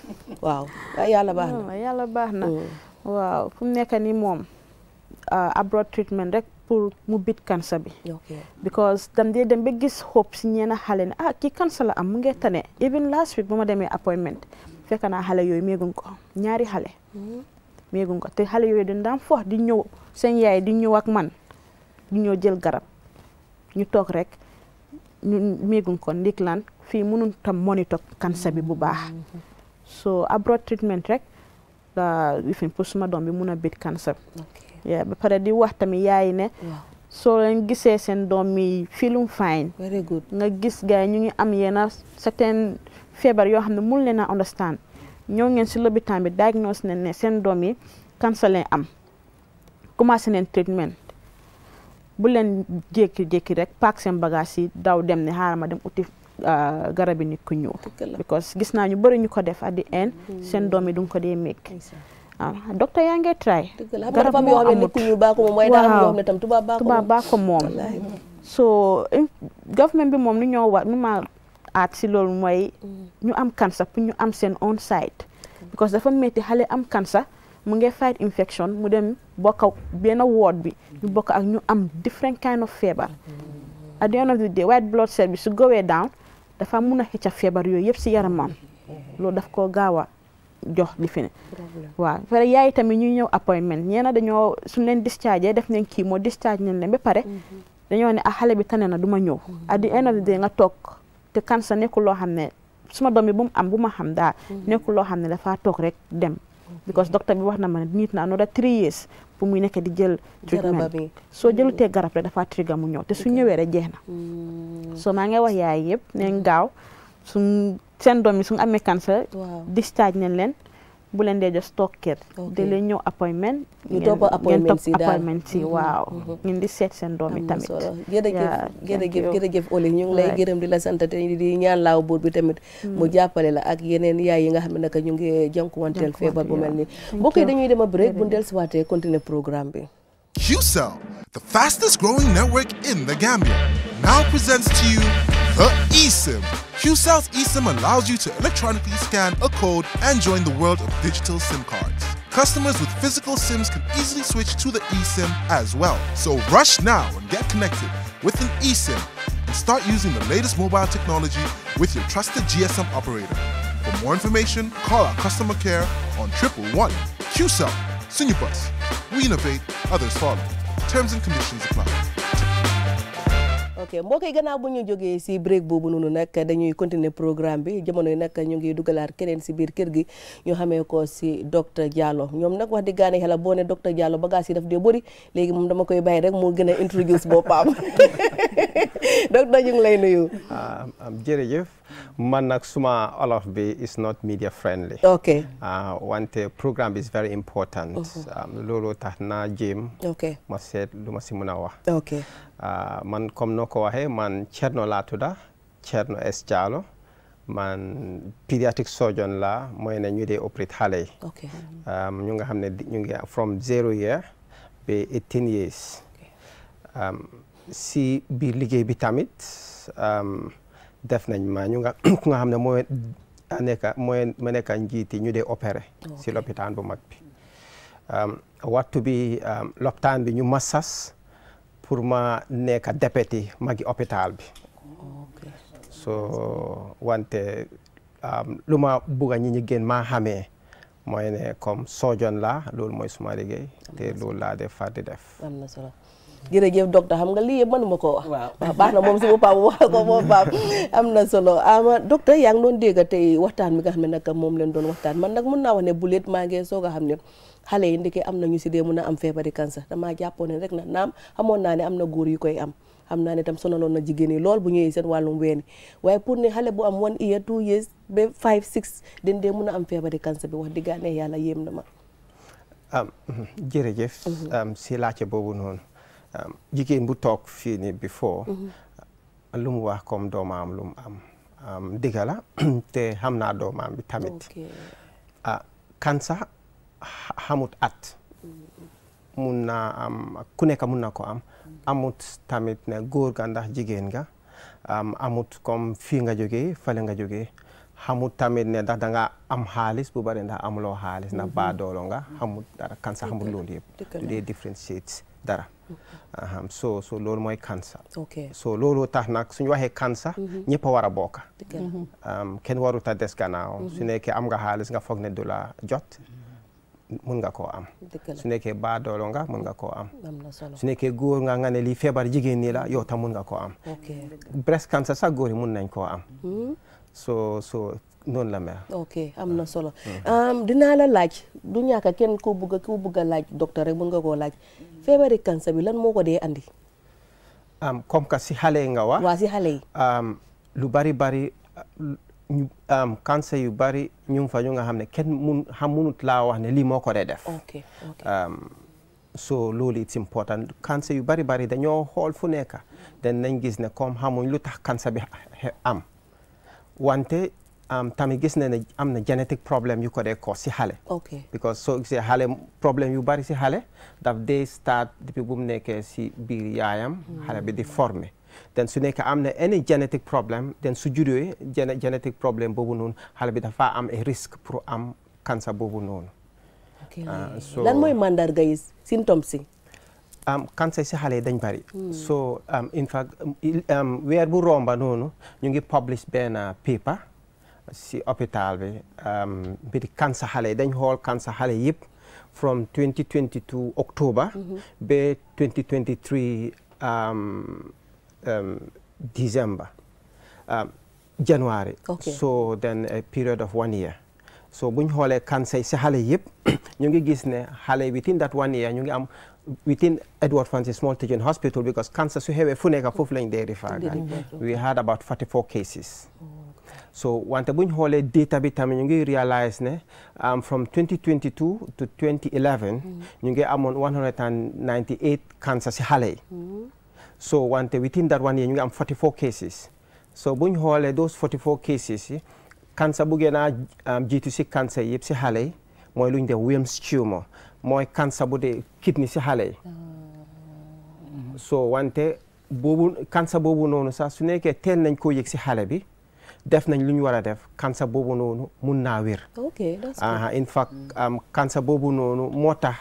[SPEAKER 2] waaw
[SPEAKER 5] yàlla baax baax na mm.
[SPEAKER 2] Wow, fu mu
[SPEAKER 5] nekk ni moom ah, abroad treatment rek pour mu bit cancer bi because dam dee dem ba gis hope si ñeena xale ne ah kii cancer la am mu ngi tane even last week buma ma appointment fekk naa xale yooyu méeguñ ko ñaari xale méeguñ hmm. ko te xale yooyu dañ daan fox di ñëw seen yaay di ñëw ak man di ñëw jël garab ñu toog rek ñu méeguñ ko ndik lan fii mënun tam monitor cancer bi bu baax hmm. so abroad treatment rek ifin pour suma doom bi mun a bit cancer yaa ba pare di wax tamit yaay ne soo leen gisee seen doom yi feeling um fine very nga gis gars yi ñu ngi am yenn certain feebar yoo xam ne mun leen a understand ñoo ngeen si lopitaan bi diagnose ne ne seen doom yi cancer leen am commencé neen treatment bu leen jékki-jékki rek paak seen bagage yi daw dem ne xaaral ma dem uti Euh, garabi nit ku ñu because gis naa ñu bari ñu ko def at the end mm. seen doom yi duñ ko dee mékk ah docteur yaa ngi try garab moo amut waaw
[SPEAKER 2] tubaab baa ko
[SPEAKER 5] moom so government bi moom nu ñoo war nu ma aat si loolu mooy mm. ñu am cancer pour ñu am seen own side because dafa métti xale am cancer mu ngi fight infection mu dem bokk ak benn ward bi ñu bokk ak ñu am different kind of feebar mm. at the end of the day white blood cell bi su gowee down dafa mun a xëcc feebar yooyu yëpp si yaramam loolu daf koo gaaw a jox di fi ne waaw yaay tamit ñuy ñëw appointment ñeena dañoo suñ leen dischargé def nañ kii moo discharge nañ leen ba pare mhm. dañoo ne ah xale bi tane na duma ma ñëw mhm. at the end of the day nga toog te cancer nekkul loo xam ne suma doom bi bu mu am bu ma xam daal mhm. nekkul loo xam ne dafaa toog rek dem because docteur bi wax na ma ne nit na another three years bu muy nekk di jël treatment soo jëlutee mm. garab rek dafa trigger mu ñëw te su ñëwee rek jeex na mm. so maa ngi wax yaay yëpp neen gaaw suñ seen doom yi suñ amee cancer discharge nañ leen bu leen dee just toog kër. de leen ñëw appointment. ñu topp appointment si daal ngeen
[SPEAKER 2] topp waaw. Mhm. ngeen di seet seen doom yi tamit. jërëjëf jërëjëf jërëjëf Oli ñu ngi lay gërëm di la sant te di ñaan laaw buur bi tamit. Mm. mu jàppale la ak yeneen yaay yi nga xam ne naka ñu ngi jànkuwanteel feebar bu mel nii. mbokk yi dañuy dem a break bu ñu dellusiwaatee continuer programme bi.
[SPEAKER 6] QCell, the fastest growing network in the Gambia, now presents to you the eSIM. QCell's eSIM allows you to electronically scan a code and join the world of digital SIM cards. Customers with physical SIMs can easily switch to the eSIM as well. So rush now and get connected with an eSIM and start using the latest mobile technology with your trusted GSM operator. For more information, call our customer care on 111 QCell Senior Bus. We innovate, others follow. Terms and conditions apply.
[SPEAKER 2] ok mbokk yi gannaaw bu ñu jógee si break boobu noonu nag dañuy continuer programme bi jamono yi nag ñu ngi dugalaat keneen si biir kër gi ñu xamee ko si docteur Diallo ñoom nag wax di gaane xela boo ne docteur Diallo bagaas yi daf dee bëri léegi moom dama koy bàyyi rek mu gën a introduce boppam docteur ñu lay nuyu.
[SPEAKER 6] Ah, ah, jërëjëf man nag suma olof bi is not media friendly. ok ah, wante programme bi is very important. Uh-huh. loolu tax naa jéem. ok ma seet lu ma si mën a wax. ok man comme noo ko waxee man Thierno laatuda tudda Thierno S Jallow man pediatric surgeon la mooy ne ñu dee opérate xale yi. ok um, ñu nga xam ne ñu ngi from zero year ba eighteen years. Um, si biir liggéey bi tamit def nañ ma ñu nga ku nga xam ne mooy nekka mooy ma nekka njiiti ñu dee opéré si lopitaan bu mag bi wattu bi lopitaan bi ñu ma sas pour ma nekka dépéti magi hôpital bi so wante lu ma bugga ñi ñi gën maa xamee mooy ne comme soojoon la loolu mooy suma liggéey te loolu laa def far def
[SPEAKER 2] jërëjëf docteur xam nga lii yëpp mënuma koo wax waaw baax na moom su ma paam wax ko moom paam am na solo ama docteur yaa ngi doon dégg tey waxtaan mi nga xam ne nag moom leen doon waxtaan man nag mun naa wax ne bu leet maa ngi soog a xam ne xale yi ndeke am na ñu si dee mun a am feebari cancer damaa jàppoon ne rek na naam xamoon naa ne am na góor yu koy am xam naa ne tam sonaloon na jigéen yi lool bu ñëwee seen wàllum weeni waaye pour ne xale bu am one year two years ba five six den dee mun a am feebari cancer bi wax diggaa ne yàlla yéem na ma
[SPEAKER 6] jërëjëf mhm. si laajte boobu noonu Um, jigéen bu toog fii ni before uh, lu mu wax comme doomam lum am um, digala te xam naa doomam bi tamit ah uh, kansa xamut at mun na am ku nekk mun na ko am amut tamit ne góor ga ndax jigéen nga um, amut comme fii nga jógee fale nga jógee xamut tamit ne ndax da nga am xaalis bu bari ndax amuloo xaalis ndax mhm. baadoolo nga xamut dara kansa xamut loolu yëpp dee different shades dara so so loolu mooy cancer so loolu tax nag suñu waxee cancer mhm. ñëpp war a bokka mhm. kenn warut a des gannaaw mhm. su nekkee am nga xaalis nga foog ne du la jot mun nga koo am su nekkee baadoolo nga mun nga koo am su nekkee góor nga nga ne lii feebar jigéen ñi la yow ta mun nga koo am breast cancer sax góor mun nañ ko am hmm? so so noonu la mel.
[SPEAKER 2] ok am na ah. solo ah. dinaa la laaj du ñàkk kenn koo bugg ku bugg a laaj docteur rek mën nga koo laaj. feebari cancer bi lan moo ko dee andi.
[SPEAKER 6] am comme si xale yi nga wax. waa si xale yi. lu bari bari ñu cancer yu bari ñu fa ñu nga xam ne kenn mun xam laa wax ne lii moo ko dee def. ok ok so loolu it's yu bari bari dañoo xool fu nekk. dañ nañ gis ne comme xamuñ lu tax kansa bi am wante. Um, tamit gis na ne am na genetic problème yu ko dee cause si xale. ok because soo gisee xale problème yu bari si xale daf dee start depuis bu mu nekkee si biir yaayam. xale bi di forme den su nekkee am na any genetic problème den su juree genetic problème boobu noonu xale bi dafaa am a risque pour am cancer boobu noonu. Uh, so lan mooy
[SPEAKER 2] mandarga yi symptômes si.
[SPEAKER 6] Um, cancer si xale yi dañ bari. Hmm. so um, in fact weer bu romba noonu ñu ngi publish benn paper. si hôpital bi euh, mbiri cancer xale yi dañ xool cancer xale yëpp from 2022 octobre mhm. ba 2023 euh, euh, december january so then a period of one year so buñ xoolee cancer yi si xale yëpp ñu ngi gis ne xale within that one year ñu ngi am within Edward Francis Small Teaching Hospital because cancer su xewee fu nekk foofu lañ dee refer we had about 44 cases oh. so wante bu ñu xoolee data bi tamit ñu ngi realize ne um, from 2022 to 2011. Mm-hmm. ñu ngi amoon 198 cancer si xale yi. Mm-hmm. so wante within that one year ñu ngi am 44 cases. so bu ñu xoolee those 44 cases yi cancer bu naa a um, jiitu si cancer yëpp si xale yi mooy lu ñu def Wilms tumor mooy cancer bu dee kidney si xale yi. Oh. so wante boobu cancer boobu noonu sax su nekkee teel nañ koo yëg si xale bi. def nañ lu ñu war a def cancer boobu noonu mun naa wér.
[SPEAKER 1] ok that's good
[SPEAKER 6] in fact um, cancer boobu noonu moo tax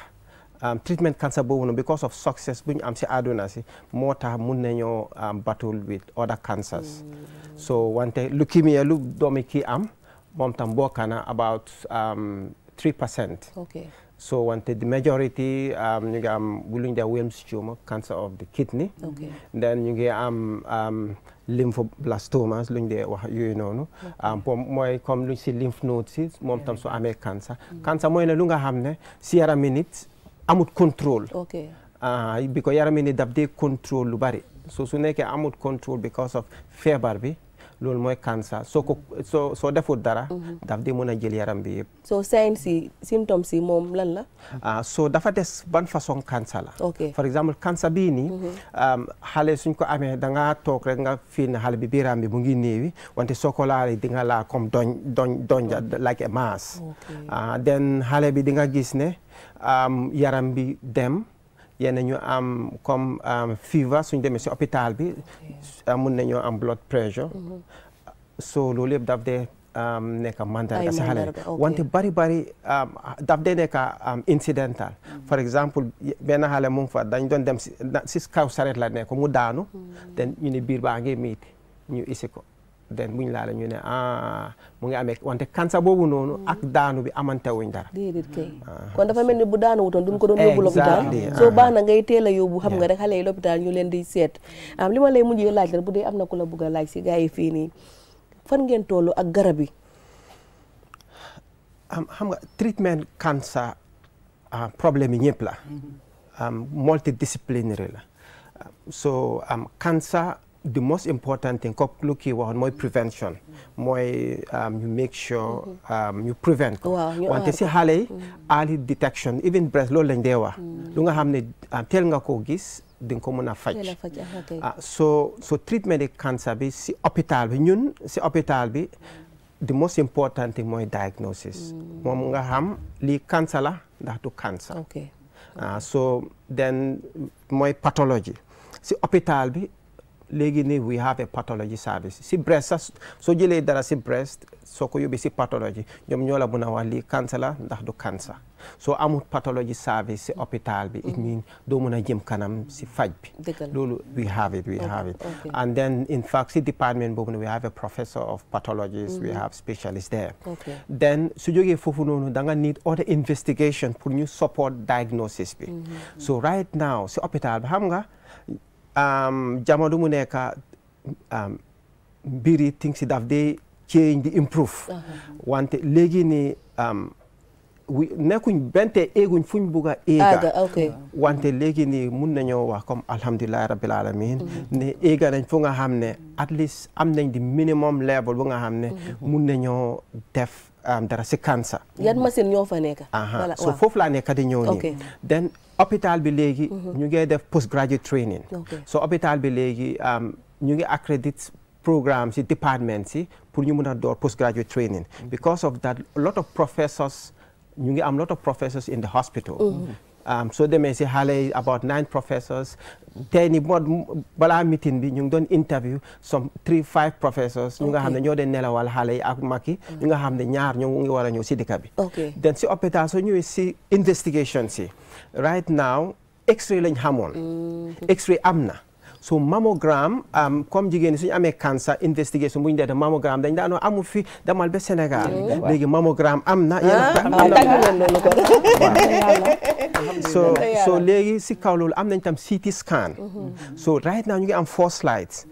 [SPEAKER 6] um, treatment cancer boobu noonu because of success bu ñu am si àdduna si moo tax mun nañoo um, battle with other cancers. Hmm. so wante lu leukemia lu doomi kii am moom tam boo kana about 3 percent. so wante the majority ñu ngi am lu ñu def Wilms tumor cancer of the kidney. ok ñu ngi am. lymphoblastomas luñ dee wax yooyu noonu moom ah, mooy comme lu si lymph nodes si moom tam su amee cancer mm. cancer mooy ne lu nga xam ne si yarami nit amut contrôle ah, bi ko yarami nit daf dee contrôle lu bari so su nekkee amut contrôle because of feebar bi loolu mooy cancer soo ko soo soo deful dara. Mhm. daf di mun a jël yaram bi yëpp.
[SPEAKER 2] soo signs si symptômes yi moom lan la.
[SPEAKER 6] ah soo dafa des ban façon cancer la. ok exemple cancer bii nii. Mhm. xale suñ ko amee da ngaa toog rek nga fii ne xale bi biiram bi mu ngi néewi wante soo ko laalee di nga laa comme doñ doñ donja like a mass. ok ah xale bi di nga gis ne yaram bi dem. yenn ñu am comme fever suñ demee si hopital bi mun nañoo am blood pressure mm-hmm. so loolu yëpp daf dee nekk mandarga si xale wante bari bari daf dee nekk incidental mm-hmm. for exemple benn xale mu fa dañ doon dem si kaw saret la nekk mu daanu den mm-hmm. ñu ne biir baa ngi miiti ñu isi ko den buñ laa la ñu ne ah mu ngi amee wante kansa boobu noonu ak hmm. daanu bi amante amantewuñ dara
[SPEAKER 2] déedéet kay ah. kon dafa mel ni bu daanu wutoon duñ ko doon yóbbu l'hôpital ah. soo baax na ngay teel a yóbbu xam nga rek xale yi l'hôpital ñu leen di seet am ah, li ma lay mujjee laaj la bu dee am na ku la bëgg laaj si gars yi fii nii fan ngeen toll ak garab am xam
[SPEAKER 6] nga treatment cancer problème yi ñëpp la mm-hmm. multidisciplinaire la so cancer the most important thing kooku lu kii waxoon mooy prevention mooy ñu um, make sure ñu um, prevent ko wante si xale yi mm. early detection even breast loolu lañ dee wax mm. lu nga xam ne ah, teel nga ko gis di nga ko mën a faj
[SPEAKER 2] ah, ah,
[SPEAKER 6] so so treatment cancer bi si hôpital bi ñun si hôpital bi the most important thing mooy diagnosis mm. moom nga xam lii cancer la ndax du cancer so then mooy pathology si hôpital bi léegi nii we have a pathology service si breast soo jëlee dara si breast soo ko yóbbee si pathology ñoom ñoo la mën a wax lii cancer la ndax du cancer soo amul pathology service si hopital bi it mm-hmm. mean doo mën a jëm kanam si faj bi loolu we have it we have it and then in fact si department boobu ne we have a professor of pathologies we mm-hmm. have specialists then su jógee foofu noonu da nga need other investigation pour ñu support diagnosis bi mm-hmm. so right now si hopital bi xam nga jamono mu nekk mbir yi things yi daf dee change di improve. Uh-huh. wante léegi nii nekkuñ bente eeguñ fuñ bugg a eega wante léegi nii mun nañoo wax comme alhamdulilahi rabbil alamin uh-huh. ne eega nañ fu nga xam ne at least am nañ di minimum level bu nga xam ne uh-huh. mun nañoo def Um, dara si cancer.
[SPEAKER 2] yan machine ñoo fa nekk. voilà so foofu
[SPEAKER 6] laa nekk di ñëw nii. then hôpital bi léegi. Mhm. ñu ngi def postgraduate training. so hôpital bi léegi um, ñu ngi accredit programmes yi departments yi pour ñu mun a door postgraduate training. Mhm. because of that a lot of professors ñu ngi am lot of professors in the hospital. Mhm. Um, soo demee si xale yi about nine professors tey ni moo balaa meeting bi ñu ngi doon interview some three five professors ñu nga xam ne ñoo deen nelawal xale yi ak mag yi mm. ñu nga xam ne ñaar ñoo ngi war a ñëw si dëkk bi den si hôpital soo ñëwee si investigation si right now x-ray lañ xamoon mm, x-ray am na so mammogram am um, comme jigéen ñi suñu amee cancer investigation bu ñu dee def mammogram dañ daanoo amul fi demal ba senegal léegi mammogram am na ah, so so léegi si kaw loolu am nañ tam CT scan mhm. so right now ñu ngi am four slides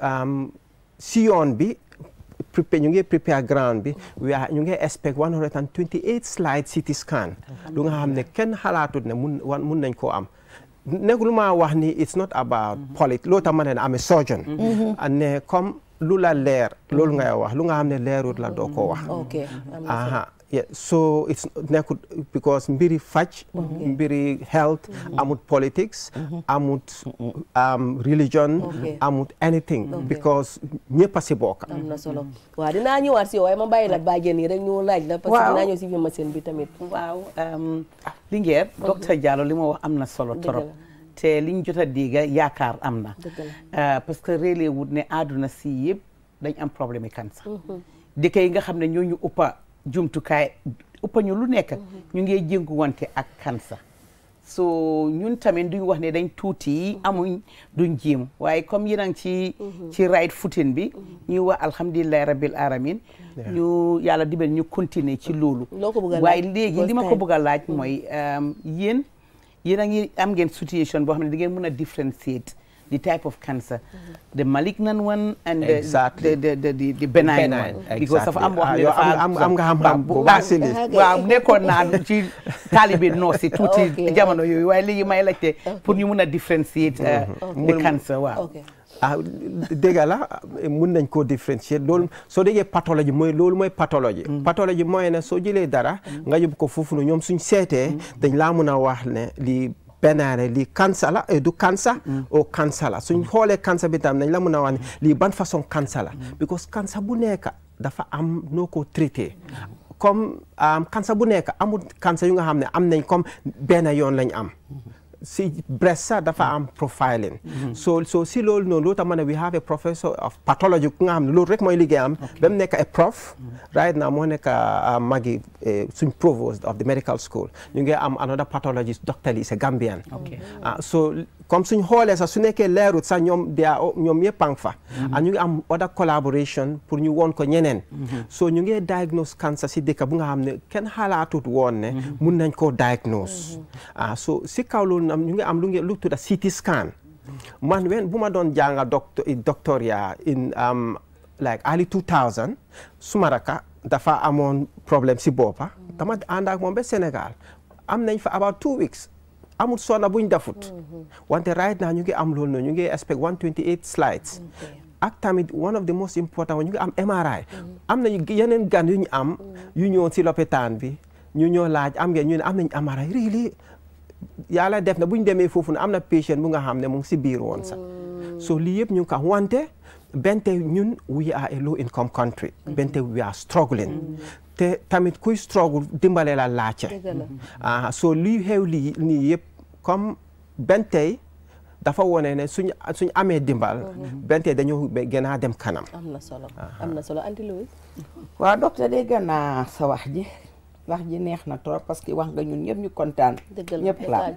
[SPEAKER 6] um, si yoon bi prepare ñu ngi prepare ground bi we ñu ngi expect 128 slide CT scan lu nga xam ne kenn xalaatut ne mun mun nañ koo am nekk lu ma wax ni it's not about mhm. politics loolu tax ma ne am a surgeon mhm. Mhm. Ah, ne comme lu la leer loolu ngay wax lu nga xam ne leerut la doo ko wax aha yeah so it's nekkul because mbiri faj. mbiri health. Mhm. amut politics. Mhm. amut mhm. Um, religion. amut anything. because
[SPEAKER 3] ñëpp a si bokk. am na
[SPEAKER 2] solo waaw dinaa ñëwaat si yow waaye ma bàyyi la bàjjen nii rek ñu laaj la. parce que dinaa ñëw si biir
[SPEAKER 3] machine bi tamit. waaw um, ah, Linguère. docteur Diallo li ma wax am na solo trop. te liñ jot a dégg yaakaar am na. Euh, parce que réelee wut ne àdduna si yëpp dañ am problème yi cancer. dëkk yi nga xam ne ñoo ñu ëpp jumtukaay uppañu lu nekk. Mhm. ñu ngi jéngu wante ak kansa. so ñun tamit duñ wax ne dañ tuuti mhm. amuñ duñ jéem waaye comme yéen ci. Mhm. ci right footing bi. ñuy wax alhamdulilah rabil alamin ñu yàlla dibel ñu continuer ci loolu. waaye léegi li ma ko bëgg a laaj mooy um, yéen yéen a ngi am ngeen situation boo xam ne da ngeen mën a differentiate the type of cancer, mm -hmm. the malignant one and the, exactly. the, the, benign, one. Ah, am wax ne dafa am am nga xam am bu vaccine waaw nekkoon naa ci taalibe noosi tuuti jamono yooyu waaye léegi may laajte pour ñu mun a differentiate uh, mm-hmm. the cancer waaw ah dégg la mun
[SPEAKER 6] nañ koo différencier loolu soo déggee pathologie mooy loolu mooy pathologie. Mm-hmm. pathologie mooy na soo jëlee dara. Mm-hmm. nga yóbbu ko foofu ñoom suñ seete dañ laa mun a wax ne bennaare lii cancer la eh, du cancer o cancer la suñ mm. xoolee cancer bi tam nañ la mun a wax ne mm. lii ban façon cancer la mm. because cancer bu nekk dafa am noo ko traité comme cancer bu nekk amul cancer yu nga xam ne am nañ comme benn yoon lañ am mm-hmm. si BRESA dafa am profiling. Mhm. so so si loolu noonu loolu tamit we have a professor of pathology ku nga xam loolu rek mooy liggéeyam. ba mu nekk a prof. Mhm. right now moo nekk magi eh, suñ provost of the medical school. ñu ngi am another pathologist doctor li c'est Gambian. Ah, so. comme suñ xoolee sa su nekkee leerut sax ñoom da ñoom yëpp a ngi fa mm-hmm. a ah, ñu ngi am other collaboration pour ñu woon ko ñeneen mm-hmm. so ñu ngee diagnose cancer si dëkk bu nga xam ne kenn xalaatut woon ne mm-hmm. mun nañ koo diagnose ah so si kaw loolu nag ñu ngi am lu nge lu tudda CT scan man wen bu ma doon jànga doctor doctoria in um, like early 2000 suma raka dafa amoon problème si boppa dama ànd ak moom ba Sénégal am nañ fa about two weeks amul sonna buñ dafut mhm. wante right naa ñu ngi am loolu noonu ñu ngi expect 128 slides ak tamit one of the ngi am MRI mhm. am na yeneen gan mhm. yu ñu am yu ñëwoon si lopitaan bi ñu ñoo laaj am ngeen ñu ne am nañ MRI really yàlla def na bu ñu demee foofu ne am na patient bu nga xam ne mu ngi si biir woon sax mm. so lii yëpp ñu ngi ko wante bente ñun we are a low income country bente we are struggling mm. te tamit kuy struggle dimbale la laajte ah so lii xew lii nii yëpp comme bentey dafa wone ne suñ suñ amee dimbal mm-hmm. bentey dañu gën a dem kanam
[SPEAKER 2] am
[SPEAKER 4] na solo ah. am na solo anti Louise waaw docteur dégg sa wax ji wax ji neex na trop parce que wax nga ñun ñëpp ñu kontaan ñëpp la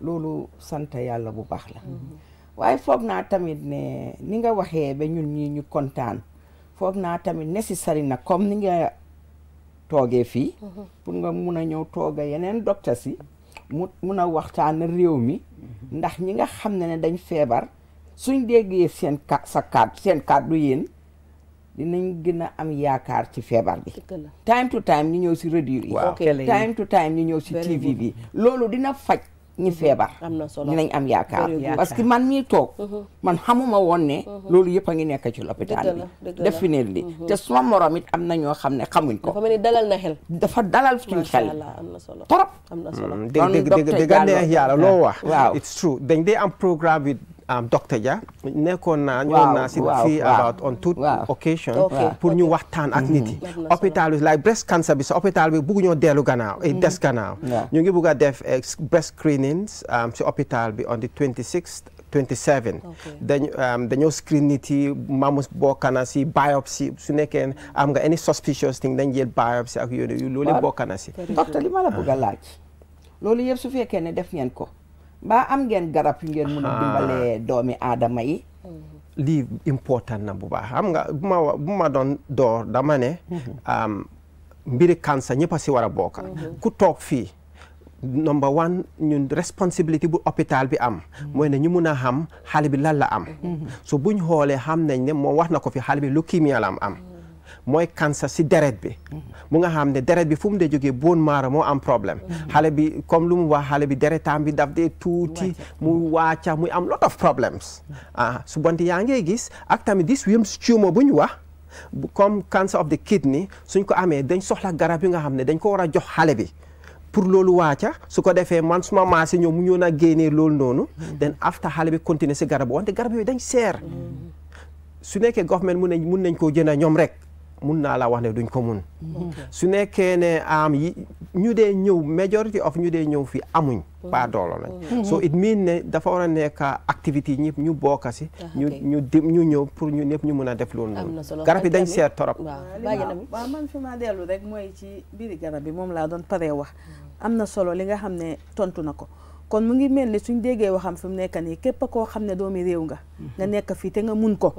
[SPEAKER 4] loolu sant yàlla bu baax la mm-hmm. waaye foog naa tamit ne ni nga waxee ba ñun ñii ñu kontaan foog naa tamit nécessaire na comme ni nga toogee fii mm-hmm. pour nga mun a ñëw tooga yeneen docteur si mu mun a waxtaan réew mi ndax ñi nga xam ne ne dañ feebar suñ déggee seen ka sa kàddu seen kàddu yéen dinañ gën a am yaakaar ci feebar bi time to time ñu ñëw si radio yi time to time ñu ñëw si tv bi loolu dina faj ñi feebar nañ am yaakaar parce que man mii toog man xamuma woon ne loolu yëpp a ngi nekk ci lopitaan bi definitely te suma morom it am na ñoo xam ne xamuñ ko dafa mel ni dalal na xel dafa dalal suñu xel trop
[SPEAKER 2] am na
[SPEAKER 6] solo dégg dégg dégg neex yàlla loo wax waaw it's true dañ dee am programme bi docteur ja nekkoon naa ñëwoon naa si fii about on two occasion pour ñu waxtaan ak nit yi mm-hmm. hôpital bi like breast cancer bi sa hôpital bi bugg ñoo dellu gannaaw eh, mm-hmm. des gannaaw ñu ngi bugg a def eh, breast screenings um, si hopital bi on the 26th 27 dañ um, dañoo screen nit yi mamu bokkana si biopsy su nekkee am nga any suspicious thing dañ jël biopsy ak yooyu loolu bokkana
[SPEAKER 4] si docteur li ma la laaj loolu yëpp su fekkee ne def ngeen ko mbaa am ngeen garab yu ngeen mën a ah. dimbalee doomi aadama yi mm-hmm. lii important na bu baax xam
[SPEAKER 6] nga bu ma doon doo dama ne
[SPEAKER 1] mm-hmm.
[SPEAKER 6] mbiri cancer ñëpp a si war a bokk mm-hmm. ku toog fii number one ñun responsibility bu hôpital bi am mooy ne ñu mun a xam xale bi lan la am so buñ xoolee xam nañ ne moom wax na ko fi xale bi leukemia la am mooy cancer si deret bi mm-hmm. mu nga xam ne deret bi fu mu dee jógee bone marrow moo am problème mm-hmm. xale bi comme lu mu wax xale bi deretam bi daf dee tuuti mu wàcca muy am lot of problems mm-hmm. ah su yaa ngee gis ak tamit dis Wilms tumor bu ñu wax comme cancer of the kidney suñ ko amee dañ soxla garab yi nga xam ne dañ ko war a jox xale bi pour loolu waaca su ko defee man suma maasi ñoom mu ñëw na génnee loolu noonu then after xale bi continuer si garab wante garab yooyu dañ seer su nekkee government mun nañ mun nañ koo jënd ñoom rek mun naa laa wax ne duñ ko mun
[SPEAKER 1] mm-hmm.
[SPEAKER 6] su nekkee ne am yi ñu dee ñëw majority of ñu dee ñëw fi amuñ baa doolo lañ so it mean ne dafa war a nekk activité yi ñëpp ñu bokka si ah, ñu ñu dim ñu ñëw pour ñu ñëpp ñu mun a def loolu
[SPEAKER 5] noonu garab yi dañ seet torop
[SPEAKER 2] waaw
[SPEAKER 5] man fi ma dellu rek mooy ci biiri garab bi moom laa doon paree wax mm-hmm. am na solo li nga xam ne tontu na ko kon mu ngi mel ni suñ déggee waxam fi mu nekk nii képp koo xam ne doomi réew nga mm-hmm. nga nekk fii te nga mun ko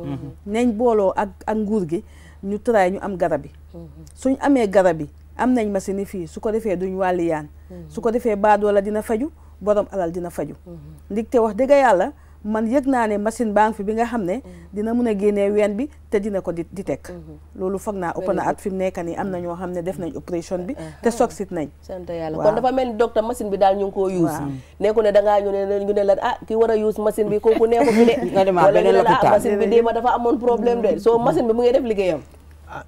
[SPEAKER 5] nañ booloo ak ak nguur gi ñu tëraay ñu am garab yi mm-hmm. suñ amee garab yi am nañ machine yi fii su ko defee duñ wàlliyaan mm-hmm. su ko defee baadoola dina faju borom alal dina faju mm-hmm. ndig te wax dëgg yàlla man yëg naa ne machine baa ngi fi bi nga xam ne mm. dina mun a génnee ween bi te dina ko di di teg mm-hmm. loolu foog naa ëpp na at fi mu nekk nii am na ñoo xam ne def nañ opération bi uh-huh. te soxit
[SPEAKER 2] nañ sant yàlla kon dafa mel ni machine bi daal ñu ngi ne dangaa ñu ne ñu ne ah ki war a use machine bi kooku neexu fi de wala ñu ne la ah machine bi déema dafa amoon problème de soo machine bi mu ngi def liggéeyam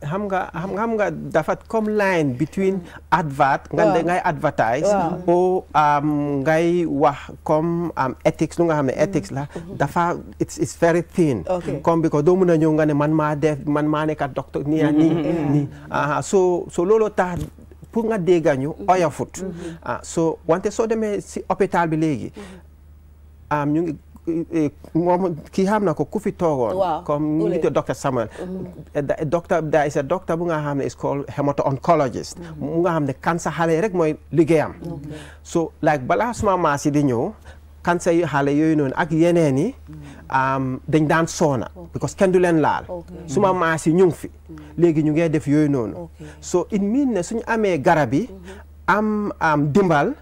[SPEAKER 6] xam nga xam nga dafa comme line between advert nga ngay advertise ou ngay wax comme ethics lu nga xam ne mm-hmm. ethics la dafa it's it's very thin comme bi ko doo mën a ñëw nga ne man maa def man maa nekk docteur nii a nii mm-hmm. nii so so loolu tax nga dégga ñu mm-hmm. oyafut ah, wante soo demee si hopital bi léegi Eh, moom kii xam na ko ku fi toogoon comme ñu ngi docteur Samuel mm-hmm. eh, docteur da is a bu nga xam ne is called hemato oncologist mm-hmm. mu nga xam ne cancer xale rek mooy liggéeyam so like balaa suma maas yi di ñëw cancer yu xale yooyu noonu ak yeneen yi mm-hmm. dañ daan soona because kenn du leen laal suma maas yi ñu ngi fi léegi ñu ngee def yooyu noonu so it mean ne suñu amee garab yi am am dimbal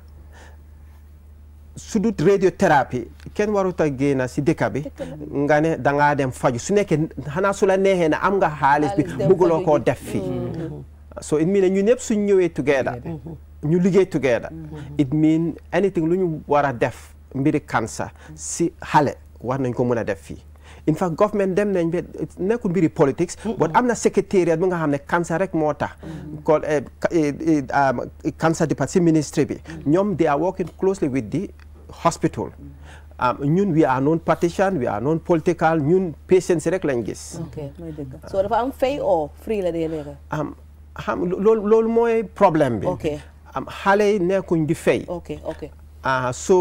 [SPEAKER 6] su dut radiothérapie kenn warut a génn si dëkk bi nga ne da ngaa dem faju su nekkee xanaa su la neexee ne am nga xaalis bi bëgguloo koo def fii mm-hmm. Mm-hmm. so it mean ne ñu ñëpp suñ ñëwee together mm-hmm. ñu liggéey together it mean lu ñu war a def mbiri cancer si xale war nañ ko mën a def fii in fact government dem nañ ba nekkul mbiri politics but am na secrétariat bi nga xam ne cancer rek moo tax called eh, eh, eh, um, cancer department si ministry bi ñoom they are working closely with the hospital ah, ñun we are non partisan we are non political ñun patients rek lañ gis.
[SPEAKER 4] ok
[SPEAKER 2] so dafa am fay oo free la dee nekk.
[SPEAKER 6] loolu mooy problème bi. ok xale yi nekkuñ di fay. ok ok ah, so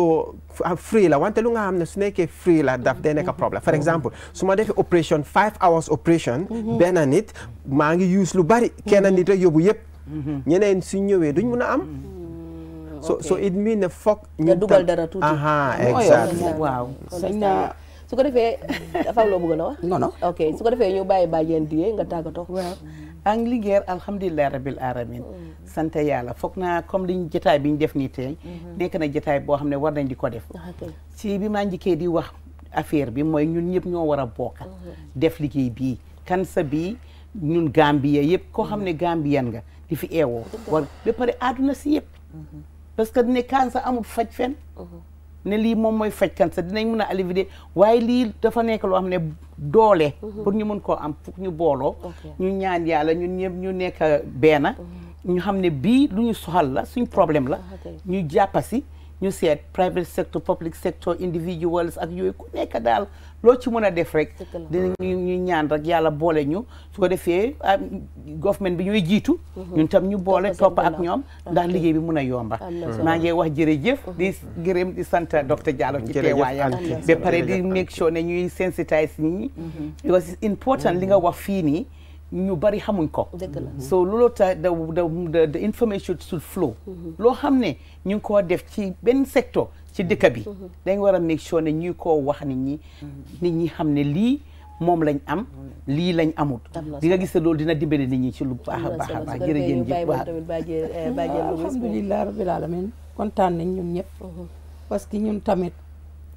[SPEAKER 6] ah, free la wante lu nga xam ne su nekkee free la daf day nekk problème for example su ma defee opération five hours opération. Mhm. benn nit maa ngi use lu bari. kenn mhm. nit rek yóbbu yëpp. Mhm. ñeneen su ñëwee duñ mun am. so so it mean ne foog. ñu dugal dara tuuti. exactement
[SPEAKER 2] waaw. sañ naa su ko defee dafa am loo bëgg a wax. ok su ko defee ñu bàyyi bàjjen
[SPEAKER 3] diye nga tàggatoo. waaw ang liggéer alhamdulilah rabil alamin mm. sant yàlla foog naa comme liñ jotaay bi ñu def nii tey. Mm-hmm. nekk na jotaay boo xam ne war nañ di ko def. Ah, si bi maa njëkkee di wax affaire bi mooy ñun ñëpp ñoo war a bokk. Mm-hmm. def liggéey bii kan sa bii ñun Gambia yëpp koo xam ne mm-hmm. Gambian nga di fi eewoo. ba pare àdduna si yëpp. parce que ne sa amul faj fen mhm. ne lii moom mooy faj cancer dinañ mun a allévier waaye lii dafa nekk loo xam ne doole. Mhm. pour ñu mën koo am pour ñu booloo. ñu ñaan yàlla ñun ñëpp ñu nekk benn. Mhm. ñu xam ne bii lu ñu soxal la suñ problème la. Ah, ñu si ñu seet private sector public sector individuals ak yooyu ku nekk daal loo ci mën a def rek dinañu ñu ñaan rek yàlla boole ñu su ko defee government bi ñuy jiitu mhm. ñun tam ñu boole topp ak ñoom ndax liggéey bi mun a yomba maa ngi wax jërëjëf mhm. di gërëm di sant docteur Diallo ci teewaayam ba pare di make sure ne ñuy sensitise nit ñi mhm. because it's important li nga wax fii nii ñu bari xamuñ ko. dëgg la so looloo ta the the the information should flow. Mm-hmm. loo xam ne ñu ngi koo def ci benn secteur ci dëkk bi. Mm-hmm. Mm-hmm. dañ war a make sure ne ñu ko wax nit ñi. nit ñi xam ne lii moom lañ am. lii lañ amut. di nga gis ne loolu dina dimbale nit ñi ci lu baax a baax a baax. jërëjëf jërëjëf waaw
[SPEAKER 4] eh, alhamdulilah rabbil alamin kontaan nañ ñun ñëpp. parce que ñun tamit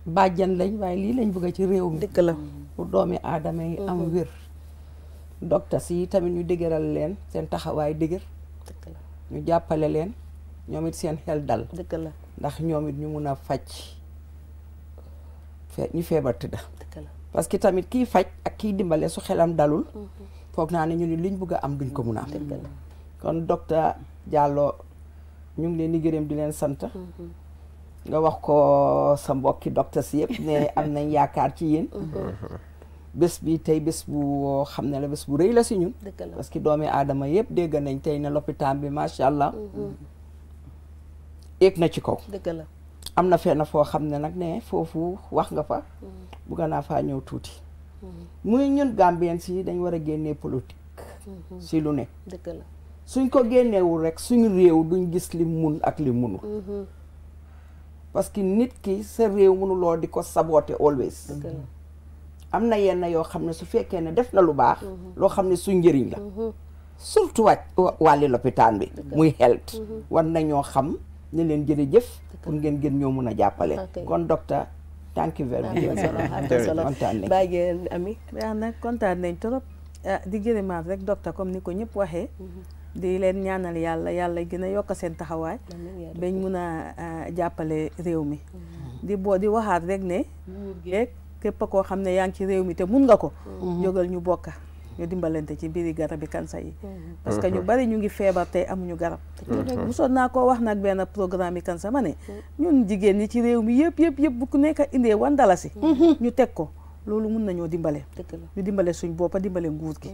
[SPEAKER 4] bàjjan lañ waaye lii lañ bëgg ci réew mi. la pour doomi aadama yi am wér. docteur si tamit ñu dëgëral leen seen taxaway dëgër dëgg la ñu jàppale leen ñomit seen xel dal dëgg la ndax ñomit ñu mëna fajj fe ñu feebar la parce que tamit ki fajj ak ki dimbalé su xelam dalul mhm. fokk na ne ñu ni liñ bëgg am duñ ko mëna kon docteur Diallo ñu ngi leen di gërëm di leen sant mhm. nga wax ko sa mbokki docteur si yépp ne am nañ yaakaar ci yeen mhm. bés bi tey bés bu xam ne la bés bu rëy la si ñun parce que doomi aadama yëpp dégg nañ tey ne lopitaan bi macha allah eeg mhm. na ci kaw dëgg am na fenn foo xam ne nag ne foofu wax nga fa mhm. bugga naa faa ñëw tuuti mhm. muy ñun gambien si dañ war a génnee politique si lu ne dëgg suñ ko génneewul rek suñu réew duñ gis li mun ak li munul parce que nit ki sa réew mënuloo di ko saboter always am na yenn yoo xam ne su fekkee ne def na lu baax mhm. loo xam ne su njëriñ la mhm. surtout wàcc wàlli lopitaan bi muy health mhm. war na ñoo xam ne leen jërëjëf pour ngeen gën ñoo mun a jàppale kon docteur thank you very much kontaan
[SPEAKER 2] ami yaa nag kontaan nañ trop ah,
[SPEAKER 5] di jërëmaat rek docteur comme ni ko ñëpp waxee di leen ñaanal yàlla yàlla gën a yokk seen taxawaay bañ mun a ah, jàppale réew mi di boo rek ne képp koo xam ne yaa ngi ci réew mi te mun nga ko mm-hmm. jógal ñu bokka ñu dimbalante ci biiri garab yi kansa mm-hmm. yi parce que ñu mm-hmm. bari ñu ngi feebar tey amuñu garab mosoon naa koo wax nag benn programme yi kansa ma ne ñun jigéen ñi ci réew mi yëpp yëpp yëpp bu ku nekk indee wan dalasi ñu teg ko loolu mun nañoo dimbale ñu dimbale suñ boppa dimbale nguur gi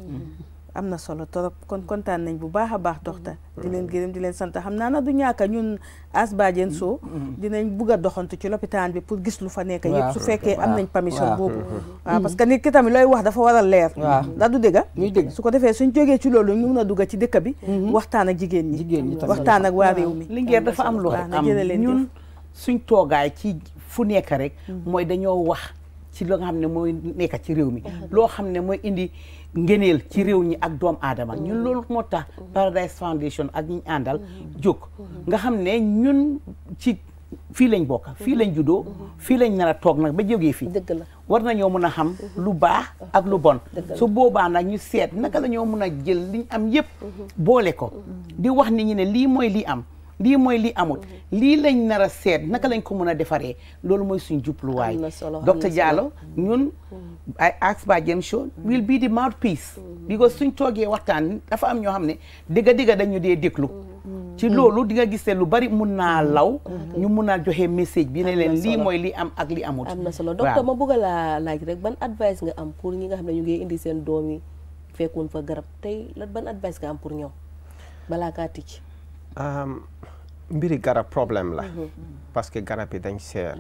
[SPEAKER 5] am na solo torop kon kontaan nañ bu baax a baax docteur mm-hmm. di leen gërëm di leen sant xam naa na du ñaaka ñun as baajen soo mm-hmm. dinañ bugg a doxantu ci loppitaan bi pour gis lu fa nekk yëpp su fekkee am nañ permission boobu mm-hmm. waaw parce que nit ki tamit looy wax dafa war a leer ndax du dega ah? muy dëgg su ko defee suñ jógee ci loolu ñu mun a dugg ci dëkk bi waxtaan ak jigéen ñi waxtaan ak waa réew mi Linguère dafa am lu am ñun
[SPEAKER 3] suñ toogaay ci fu nekk rek mooy dañoo wax ci loo nga xam ne mooy nekk ci réew mi loo xam ne mooy indi ngeneel ci réew ñi ak doomu aadama mm-hmm. ñun loolu moo tax mm-hmm. Paradise Foundation ak ñi àndal mm-hmm. jóg nga xam ne ñun ci fii lañ bokk fii lañ juddoo fii lañ nar a toog nag ba jógee fii war nañoo mën a xam lu baax ak lu bon su boobaa nag ñu seet nag la ñoo mën a jël liñ am yépp boole ko di wax ni ñi ne lii mooy lii am lii mooy lii amul mhm. lii lañ nar a seet naka lañ ko mën a defaree loolu mooy suñ jubluwaay docteur Diallo mhm. ñun mhm. ay Ask Bargain Show will be the mouthpiece because suñ toogee waxtaan dafa am ñoo xam ne digga digga dañu dee déglu ci loolu di nga gis ne lu bari mun naa law ñu mun naa joxe message bi ne leen lii mooy lii am ak lii amul am na solo docteur ma
[SPEAKER 2] bëgg laa laaj rek ban advice nga am pour ñi nga xam ne ñu ngi indi seen doom yi fekkuñ fa garab tey lan ban advice nga am pour ñoom balaa kaa
[SPEAKER 6] mbiri garab problème la. Mhm. parce que garab yi dañ seer.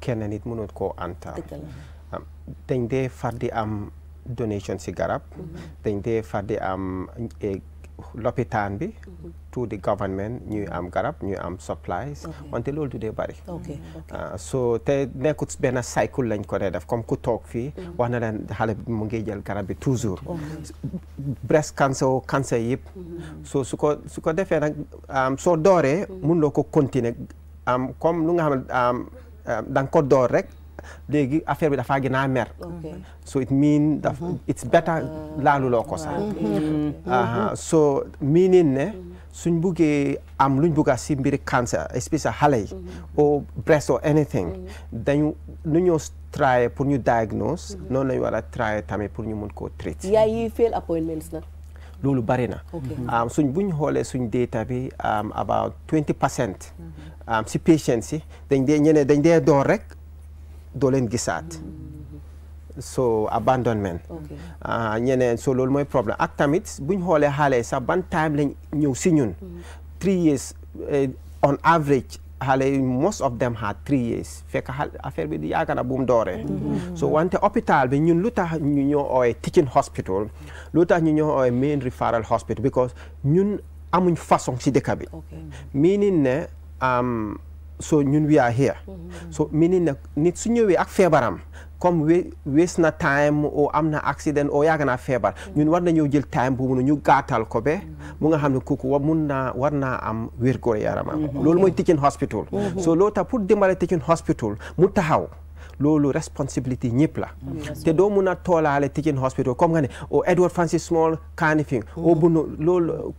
[SPEAKER 6] kenn nit mënut koo anta dañ dee far di am donation si garab. Mhm. dañ dee far di am eh, lopitaan bi mhm. to the government ñuy mhm. am garab ñuy am supplies wante loolu du dee bari ah, so te nekkut benn cycle lañ ko dee def comme ku toog fii mhm. wax na leen xale bi mu ngi jël garab bi toujours breast cancer o cancer yëpp so su ko su ko defee nag soo dooree mun loo ko continuer am comme lu nga xam ne da nga ko door rek léegi affaire bi dafaa gën a mer so it mean daf mhm. it's better ah. laaluloo ko sax mhm. Mhm. so meaning ne suñ buggee am luñ bugga si mbiri cancer especially xale yi or breast or anything dañu nu ñoo try pour ñu diagnose noonu lañu war a try tamit pour ñu mun ko treat
[SPEAKER 2] yaay yi fail loolu bari na um,
[SPEAKER 6] suñ buñ xoolee suñ data bi um, about 20 percent um, si patients yi dañ dee ñeneen dañ dee door rek doo gisaat so abandonment ah, ñeneen soloolu mooy problème ak tamit buñ xoolee xale yi sax ban time lañ ñëw si ñun mm-hmm. three years eh, on average xale yi most of them had three years fekk affaire bi di yàgg na bu mu dooree mm-hmm. wante hôpital bi ñun lu tax ñu ñoo ooyee teaching hospital lu tax ñu ñoo ooyee main referral hospital because ñun amuñ façon si dëkk bi meaning ne um, so ñun we are here mm-hmm. so meaning nag nit su ñëwee ak feebaram comme we wees na time o am na accident o yàgg feebar mm-hmm. ñun war nañoo jël time boobu noonu ñu gàttal ko be mm-hmm. mu nga xam ne kooku war mun naa war naa am wérgóor yaramam loolu mooy teaching hospital so loolu tax pour dimbale teaching hospital mu taxaw loolu responsibility ñëpp la te doo mun a toolaale teaching hospital comme nga ne o oh Edward Francis Small Kanifing o oh bunu loolu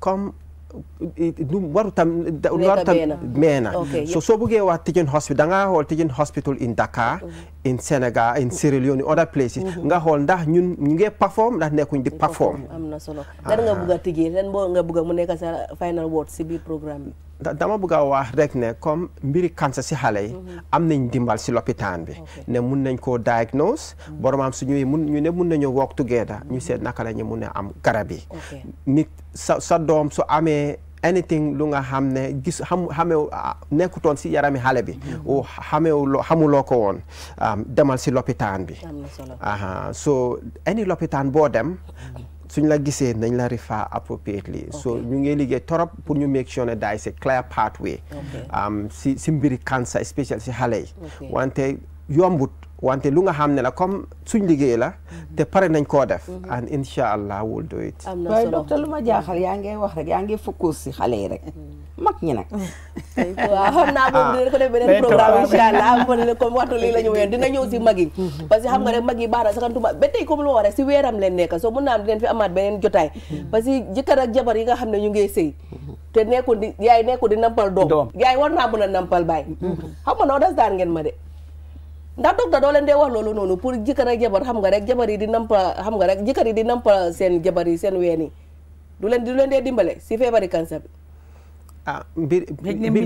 [SPEAKER 6] ɗum waru tam waru tam meena so so buggee wax teaching hospital danga xool teaching hospital in Dakar mhm. in Sénégal in Sierra Leone in other places mhm. nga xool ndax ñun ñu ngee perform ndax nekkuñ di perform
[SPEAKER 2] am na solo ah. dan nga bugg a tijji ren boo nga bugg mu nekk sa final word si biir programme bi
[SPEAKER 6] dama bëgg a wax rek ne comme mbiri cancer si xale yi mhm. am nañ dimbal si lopitaan bi ne mun nañ koo diagnose mhm. boromaam su ñëwee mun ñu ne mun nañu walk together ñu mhm. seet naka la ñu mun a am garab yi nit sa sa doom su amee anything lu nga xam ne gis xam xamew ah, nekkutoon si yarami xale bi o xamew loo xamuloo ko woon demal si lopitaan bi so any lopitaan boo dem suñ la gisee nañ la refer appropriately so ñu ngi liggéey torop pour ñu make sure ne daay c'est clear pathway um, si si mbiri cancer spécial si xale yi wante yombut wante lu nga xam ne la comme suñ liggéey la mhm. te pare nañ koo def mhm. and incha allah
[SPEAKER 4] we'll do it waaye docteur lu ma jaaxal yaa ngi wax rek yaa ngi focus si xale yi rek mhm. mag ñi nag
[SPEAKER 1] waaw xam naa moom dinañ ko def beneen ah. programme incha allah ma weer
[SPEAKER 2] dina ñëw si mag yi parce que xam nga rek mag baax na sakantuma ba beneen jotaay parce que jëkkër jabar yi nga xam ne ñu ngi sëy te nekku di yaay nekkul di nampal doom yaay war naa mën a nampal baay xam nga noo das daan ngeen ma de ndax docteur doo leen dee wax loolu noonu pour jëkkër rek jabar xam nga rek jabar yi di nampa xam nga rek jëkkër yi di nampa seen jabar yi seen ween yi du leen du leen dee dimbale si feebari cancer bi
[SPEAKER 6] ah mbir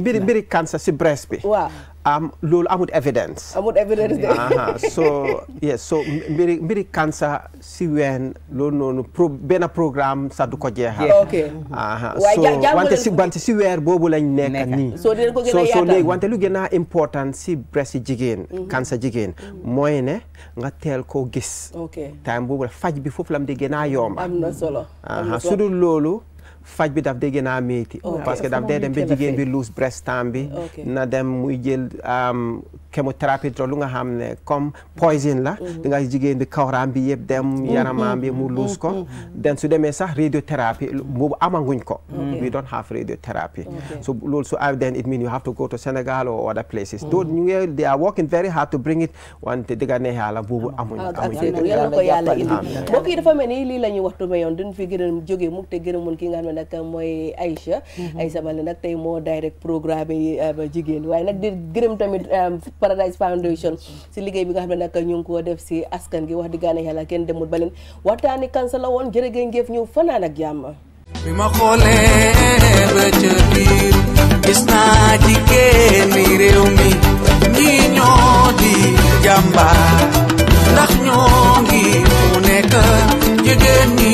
[SPEAKER 6] mbiri mbiri cancer si breast bi. waaw am loolu amul evidence.
[SPEAKER 2] amul evidence de.
[SPEAKER 6] so yes so si ween loolu noonu pro benn programme sax du ko jeexal. ok wante si wante si weer boobu lañ
[SPEAKER 2] nekk
[SPEAKER 6] lu gën important si breast jigéen. Mhm. cancer jigéen mhm. mooy ne nga teel koo gis. ok time boobu faj bi foofu lam di gën a yomba.
[SPEAKER 2] am na solo
[SPEAKER 6] loolu. faj bi daf dee gën a métti parce que bi loose breast tam na dem muy jël chemotherapy drug lu nga xam ne comme poison la da mhm. nga jigéen bi kawraam bi yëpp dem mhm. yaramaam bi mu mhm. loose ko den su demee sax radiothérapie boobu amanguñ ko we don't have radiotherapy so loolu su a then it mean you have to go to Senegal or other ñu ngi they are working very wante dëgga ne yàlla boobu amuñ ah, amuñ ko yàlla indi mbokk
[SPEAKER 2] yi dafa mel ni ki nga xam nag mooy Aïcha mhm. Aïcha Baldé nag tey moo direct programme yi euh, jigéen waaye nag di gërëm tamit euh, Paradise Foundation si liggéey bi nga xam ne nag ñu ngi ko def si askan gi wax di gaane yàlla kenn demul baleen waxtaani kansa la woon jërëgéen ngëf ñëw fanaan ak jàmm
[SPEAKER 4] bi ma xoolee
[SPEAKER 2] ba ca biir
[SPEAKER 1] gis naa jigéen ñi réew mi ñii ñoo di jàmbaar ndax ñoo ngi mu nekk jigéen ñi